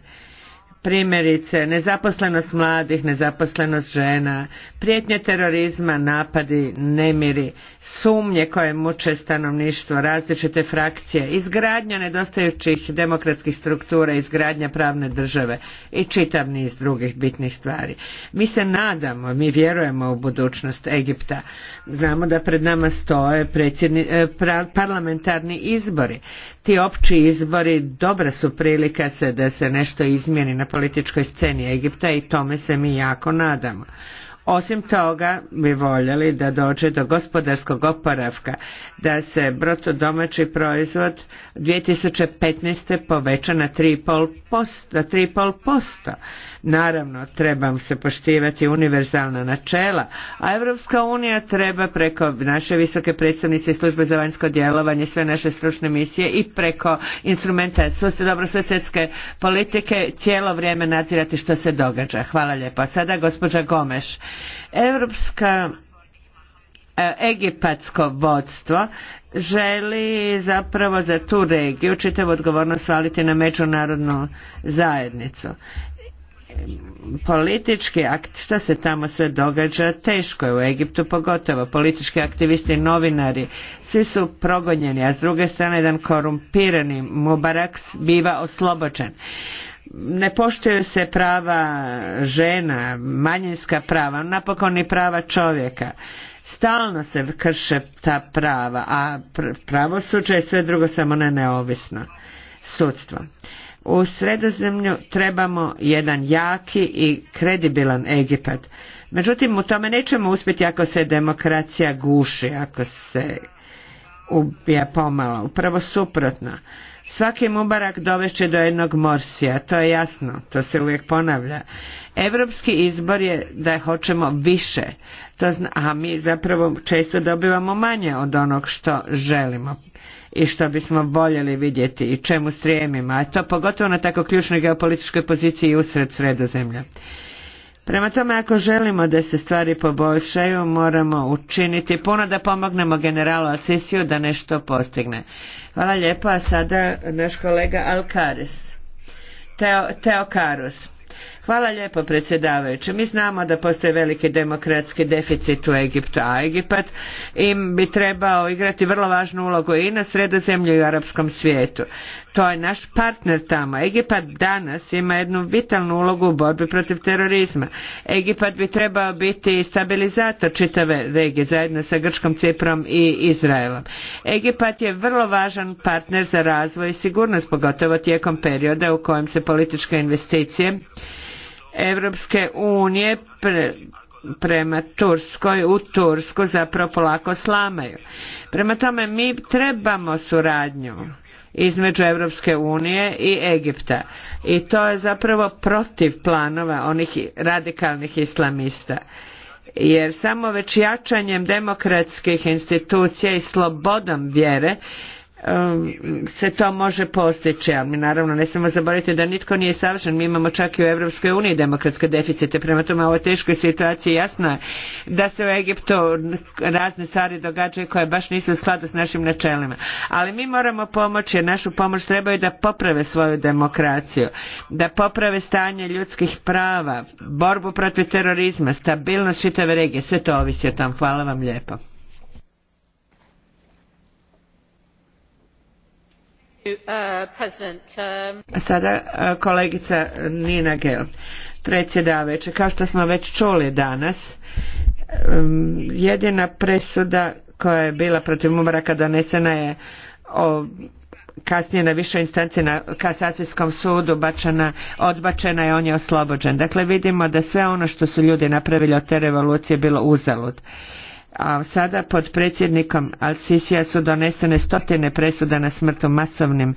primjerice nezaposlenost mladih, nezaposlenost žena, prijetnje terorizma, napadi, nemiri, sumnje koje muče stanovništvo, različite frakcije, izgradnja nedostajućih demokratskih struktura, izgradnja pravne države i čitav niz drugih bitnih stvari. Mi se nadamo, mi vjerujemo u budućnost Egipta. Znamo da pred nama stoje e, parlamentarni izbori. Ti opći izbori dobra su prilika se da se nešto izmijeni na političkoj sceni Egipta i tome se mi jako nadamo. Osim toga bi voljeli da dođe do gospodarskog oporavka, da se broto domaći proizvod 2015. poveća na 3,5%. Naravno, trebam se poštivati univerzalna načela, a Europska unija treba preko naše visoke predstavnice i službe za vanjsko djelovanje, sve naše stručne misije i preko instrumenta dobro dobrosusjedske politike cijelo vrijeme nadzirati što se događa. Hvala lijepa. Sada gospođa Gomeš Europska e, egipatsko vodstvo želi zapravo za tu regiju čitavu odgovornost svaliti na međunarodnu zajednicu politički akt, što se tamo sve događa, teško je u Egiptu, pogotovo politički aktivisti, novinari, svi su progonjeni, a s druge strane jedan korumpirani Mubarak biva oslobođen ne poštuju se prava žena, manjinska prava, napokon i prava čovjeka. Stalno se krše ta prava, a pravosuđe je sve drugo samo ne neovisno sudstvo. U sredozemlju trebamo jedan jaki i kredibilan Egipat. Međutim, u tome nećemo uspjeti ako se demokracija guši, ako se ubija pomalo. Upravo suprotno Svaki Mubarak dovešće do jednog Morsija, to je jasno, to se uvijek ponavlja. Europski izbor je da hoćemo više, to a mi zapravo često dobivamo manje od onog što želimo i što bismo voljeli vidjeti i čemu strijemimo, a to pogotovo na tako ključnoj geopolitičkoj poziciji usred sredozemlja. Prema tome, ako želimo da se stvari poboljšaju, moramo učiniti puno da pomognemo generalu Alcisiju da nešto postigne. Hvala lijepo, a sada naš kolega Alkaris. Teo, Hvala lijepo predsjedavajući. Mi znamo da postoji veliki demokratski deficit u Egiptu, a Egipat im bi trebao igrati vrlo važnu ulogu i na sredozemlju i u arapskom svijetu. To je naš partner tamo. Egipat danas ima jednu vitalnu ulogu u borbi protiv terorizma. Egipat bi trebao biti stabilizator čitave regije zajedno sa Grčkom, Ciprom i Izraelom. Egipat je vrlo važan partner za razvoj i sigurnost, pogotovo tijekom perioda u kojem se političke investicije Europske unije prema Turskoj u Tursku zapravo polako slamaju. Prema tome mi trebamo suradnju između Europske unije i Egipta. I to je zapravo protiv planova onih radikalnih islamista. Jer samo već jačanjem demokratskih institucija i slobodom vjere se to može postići, ali naravno ne smijemo zaboraviti da nitko nije savršen, mi imamo čak i u Europskoj uniji demokratske deficite, prema tome ovoj teškoj situaciji jasno je da se u Egiptu razne stvari događaju koje baš nisu u skladu s našim načelima. Ali mi moramo pomoći jer našu pomoć trebaju da poprave svoju demokraciju, da poprave stanje ljudskih prava, borbu protiv terorizma, stabilnost čitave regije, sve to ovisi o tom. Hvala vam lijepo. Um, sada uh, kolegica Nina Gel, predsjedavajuća, kao što smo već čuli danas, um, jedina presuda koja je bila protiv Mubaraka donesena je kasnije na višoj instanci na kasacijskom sudu odbačena je, on je oslobođen. Dakle, vidimo da sve ono što su ljudi napravili od te revolucije je bilo uzalud a sada pod predsjednikom Al-Sisija su donesene stotine presuda na smrtu masovnim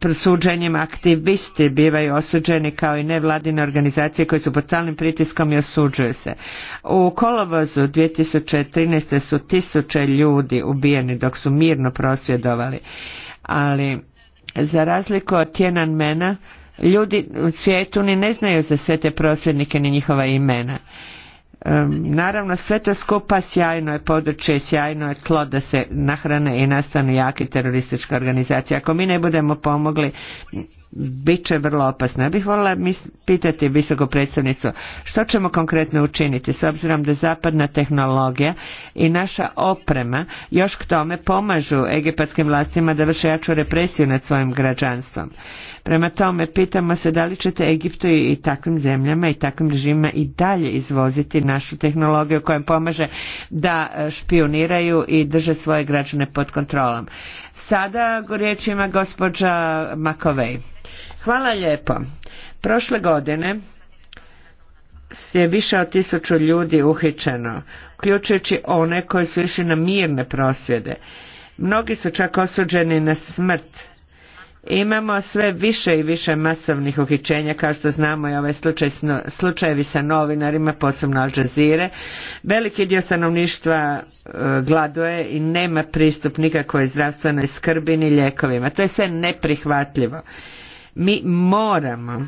prosuđenjem. Aktivisti bivaju osuđeni kao i nevladine organizacije koje su pod stalnim pritiskom i osuđuju se. U kolovozu 2013. su tisuće ljudi ubijeni dok su mirno prosvjedovali, ali za razliku od Tiananmena, ljudi u svijetu ni ne znaju za sve te prosvjednike ni njihova imena. Naravno, sve to skupa sjajno je područje, sjajno je tlo da se nahrane i nastanu jake terorističke organizacije. Ako mi ne budemo pomogli, bit će vrlo opasno. Ja bih voljela pitati visoku predstavnicu što ćemo konkretno učiniti s obzirom da zapadna tehnologija i naša oprema još k tome pomažu egipatskim vlastima da vrše jaču represiju nad svojim građanstvom. Prema tome, pitamo se da li ćete Egiptu i takvim zemljama i takvim režimima i dalje izvoziti našu tehnologiju koja pomaže da e, špioniraju i drže svoje građane pod kontrolom. Sada riječ ima gospođa Makovej. Hvala lijepo. Prošle godine je više od tisuću ljudi uhićeno, uključujući one koji su išli na mirne prosvjede. Mnogi su čak osuđeni na smrt. Imamo sve više i više masovnih uhićenja, kao što znamo i ove ovaj slučaj, slučajevi sa novinarima, posebno Al Veliki dio stanovništva e, gladuje i nema pristup nikakvoj zdravstvenoj skrbi ni lijekovima. To je sve neprihvatljivo. Mi moramo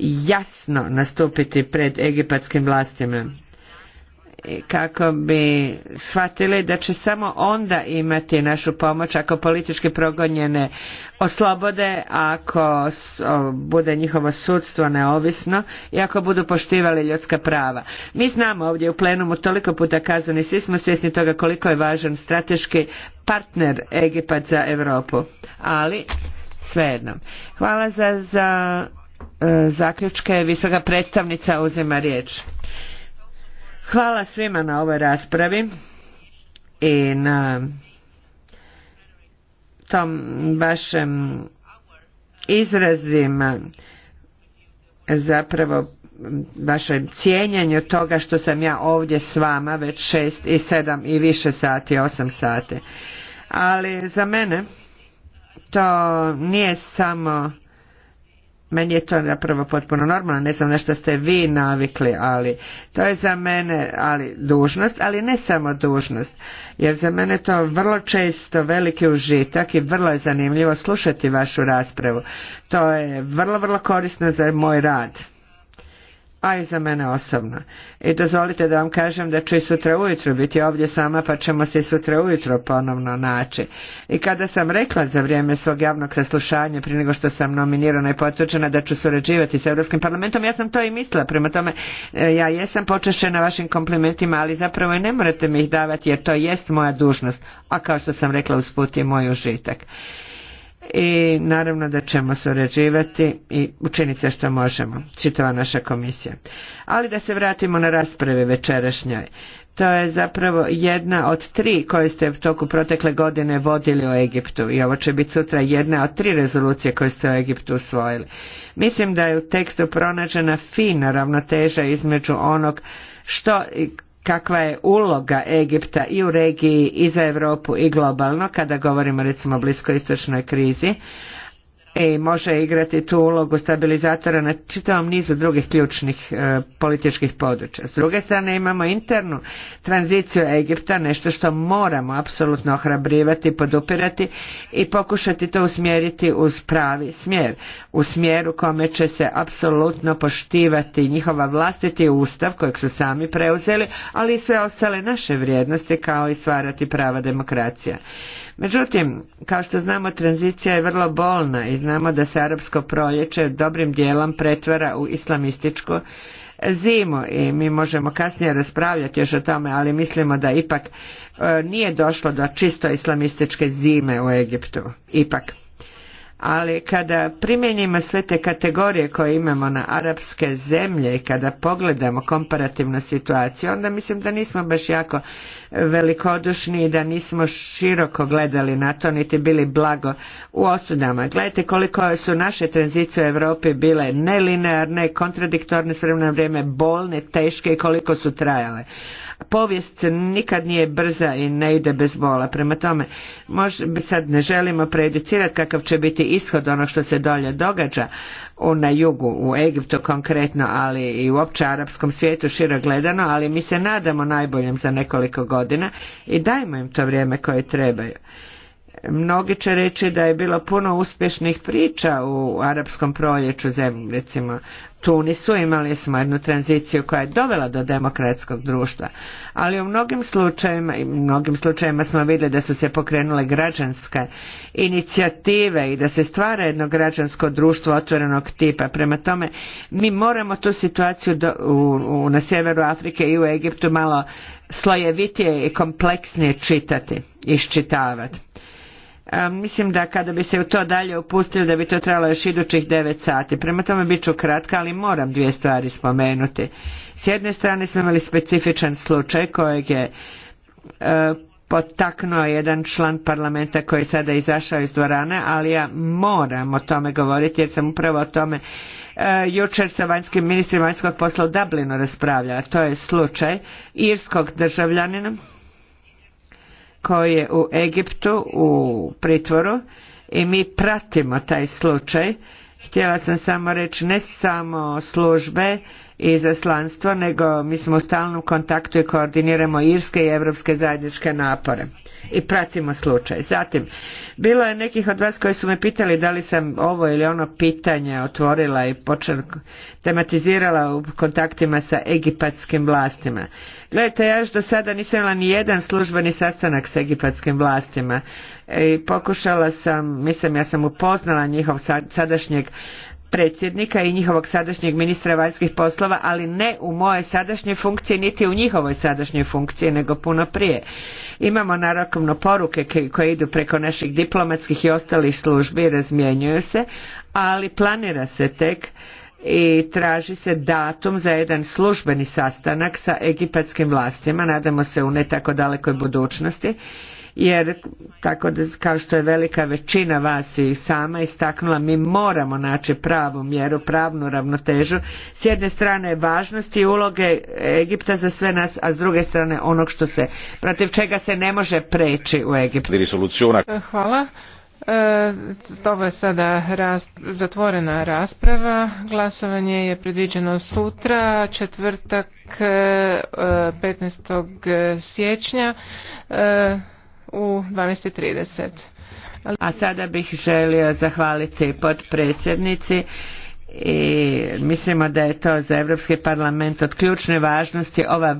jasno nastupiti pred egipatskim vlastima e, kako bi shvatili da će samo onda imati našu pomoć ako politički progonjene oslobode, ako bude njihovo sudstvo neovisno i ako budu poštivali ljudska prava. Mi znamo ovdje u plenumu toliko puta kazani, svi smo svjesni toga koliko je važan strateški partner Egipat za Europu, ali svejedno. Hvala za, za e, zaključke. Visoka predstavnica uzima riječ. Hvala svima na ovoj raspravi i na tom vašem izrazima zapravo vašem cijenjenju toga što sam ja ovdje s vama već šest i sedam i više sati, osam sati. Ali za mene to nije samo meni je to zapravo potpuno normalno, ne znam na što ste vi navikli, ali to je za mene ali dužnost, ali ne samo dužnost, jer za mene to vrlo često veliki užitak i vrlo je zanimljivo slušati vašu raspravu. To je vrlo, vrlo korisno za moj rad a i za mene osobno. I dozvolite da vam kažem da ću i sutra ujutro biti ovdje sama pa ćemo se i sutra ujutro ponovno naći. I kada sam rekla za vrijeme svog javnog saslušanja prije nego što sam nominirana i potvrđena da ću surađivati s Europskim parlamentom, ja sam to i mislila. Prema tome, e, ja jesam počešćena vašim komplimentima, ali zapravo i ne morate mi ih davati jer to jest moja dužnost, a kao što sam rekla usput je moj užitak i naravno da ćemo surađivati i učiniti se što možemo, čitava naša komisija. Ali da se vratimo na rasprave večerašnjoj. To je zapravo jedna od tri koje ste u toku protekle godine vodili o Egiptu i ovo će biti sutra jedna od tri rezolucije koje ste o Egiptu usvojili. Mislim da je u tekstu pronađena fina ravnoteža između onog što kakva je uloga Egipta i u regiji i za Europu i globalno kada govorimo recimo o bliskoistočnoj krizi, i e, može igrati tu ulogu stabilizatora na čitavom nizu drugih ključnih e, političkih područja. S druge strane imamo internu tranziciju Egipta, nešto što moramo apsolutno ohrabrivati, podupirati i pokušati to usmjeriti uz pravi smjer, u smjeru kome će se apsolutno poštivati njihova vlastiti ustav kojeg su sami preuzeli, ali i sve ostale naše vrijednosti kao i stvarati prava demokracija. Međutim, kao što znamo, tranzicija je vrlo bolna i znamo da se arapsko proljeće dobrim dijelom pretvara u islamističku zimu i mi možemo kasnije raspravljati još o tome, ali mislimo da ipak e, nije došlo do čisto islamističke zime u Egiptu. Ipak ali kada primjenimo sve te kategorije koje imamo na arapske zemlje i kada pogledamo komparativnu situaciju, onda mislim da nismo baš jako velikodušni i da nismo široko gledali na to, niti bili blago u osudama. Gledajte koliko su naše tranzicije u Europi bile nelinearne, kontradiktorne, s vremena vrijeme bolne, teške i koliko su trajale povijest nikad nije brza i ne ide bez bola. Prema tome, mož, sad ne želimo prejudicirati kakav će biti ishod ono što se dolje događa u, na jugu, u Egiptu konkretno, ali i u opće arapskom svijetu širo gledano, ali mi se nadamo najboljem za nekoliko godina i dajmo im to vrijeme koje trebaju. Mnogi će reći da je bilo puno uspješnih priča u arapskom proljeću zemlji, recimo Tunisu imali smo jednu tranziciju koja je dovela do demokratskog društva, ali u mnogim slučajevima i mnogim slučajevima smo vidjeli da su se pokrenule građanske inicijative i da se stvara jedno građansko društvo otvorenog tipa. Prema tome, mi moramo tu situaciju do, u, na sjeveru Afrike i u Egiptu malo slojevitije i kompleksnije čitati, iščitavati. Mislim da kada bi se u to dalje upustili da bi to trajalo još idućih 9 sati. Prema tome bit ću kratka, ali moram dvije stvari spomenuti. S jedne strane smo imali specifičan slučaj kojeg je e, potaknuo jedan član parlamenta koji je sada izašao iz dvorane, ali ja moram o tome govoriti jer sam upravo o tome e, jučer sa vanjskim ministrima vanjskog posla u Dublinu raspravljala. To je slučaj irskog državljanina koji je u Egiptu u pritvoru i mi pratimo taj slučaj. Htjela sam samo reći ne samo službe izaslanstvo, nego mi smo u stalnom kontaktu i koordiniramo irske i europske zajedničke napore i pratimo slučaj. Zatim, bilo je nekih od vas koji su me pitali da li sam ovo ili ono pitanje otvorila i tematizirala u kontaktima sa egipatskim vlastima. Gledajte, ja još do sada nisam imala ni jedan službeni sastanak s egipatskim vlastima. I pokušala sam, mislim, ja sam upoznala njihov sadašnjeg predsjednika i njihovog sadašnjeg ministra vanjskih poslova, ali ne u mojoj sadašnjoj funkciji, niti u njihovoj sadašnjoj funkciji, nego puno prije. Imamo naravno poruke koje idu preko naših diplomatskih i ostalih službi, razmjenjuju se, ali planira se tek i traži se datum za jedan službeni sastanak sa egipatskim vlastima, nadamo se u ne tako dalekoj budućnosti jer tako da, kao što je velika većina vas i sama istaknula, mi moramo naći pravu mjeru, pravnu ravnotežu. S jedne strane važnosti i uloge Egipta za sve nas, a s druge strane onog što se, protiv čega se ne može preći u Egiptu. E, hvala. E, je sada zatvorena rasprava. Glasovanje je predviđeno sutra, četvrtak e, 15. E, siječnja. E, u 12.30. A sada bih želio zahvaliti potpredsjednici i mislimo da je to za Europski parlament od ključne važnosti ova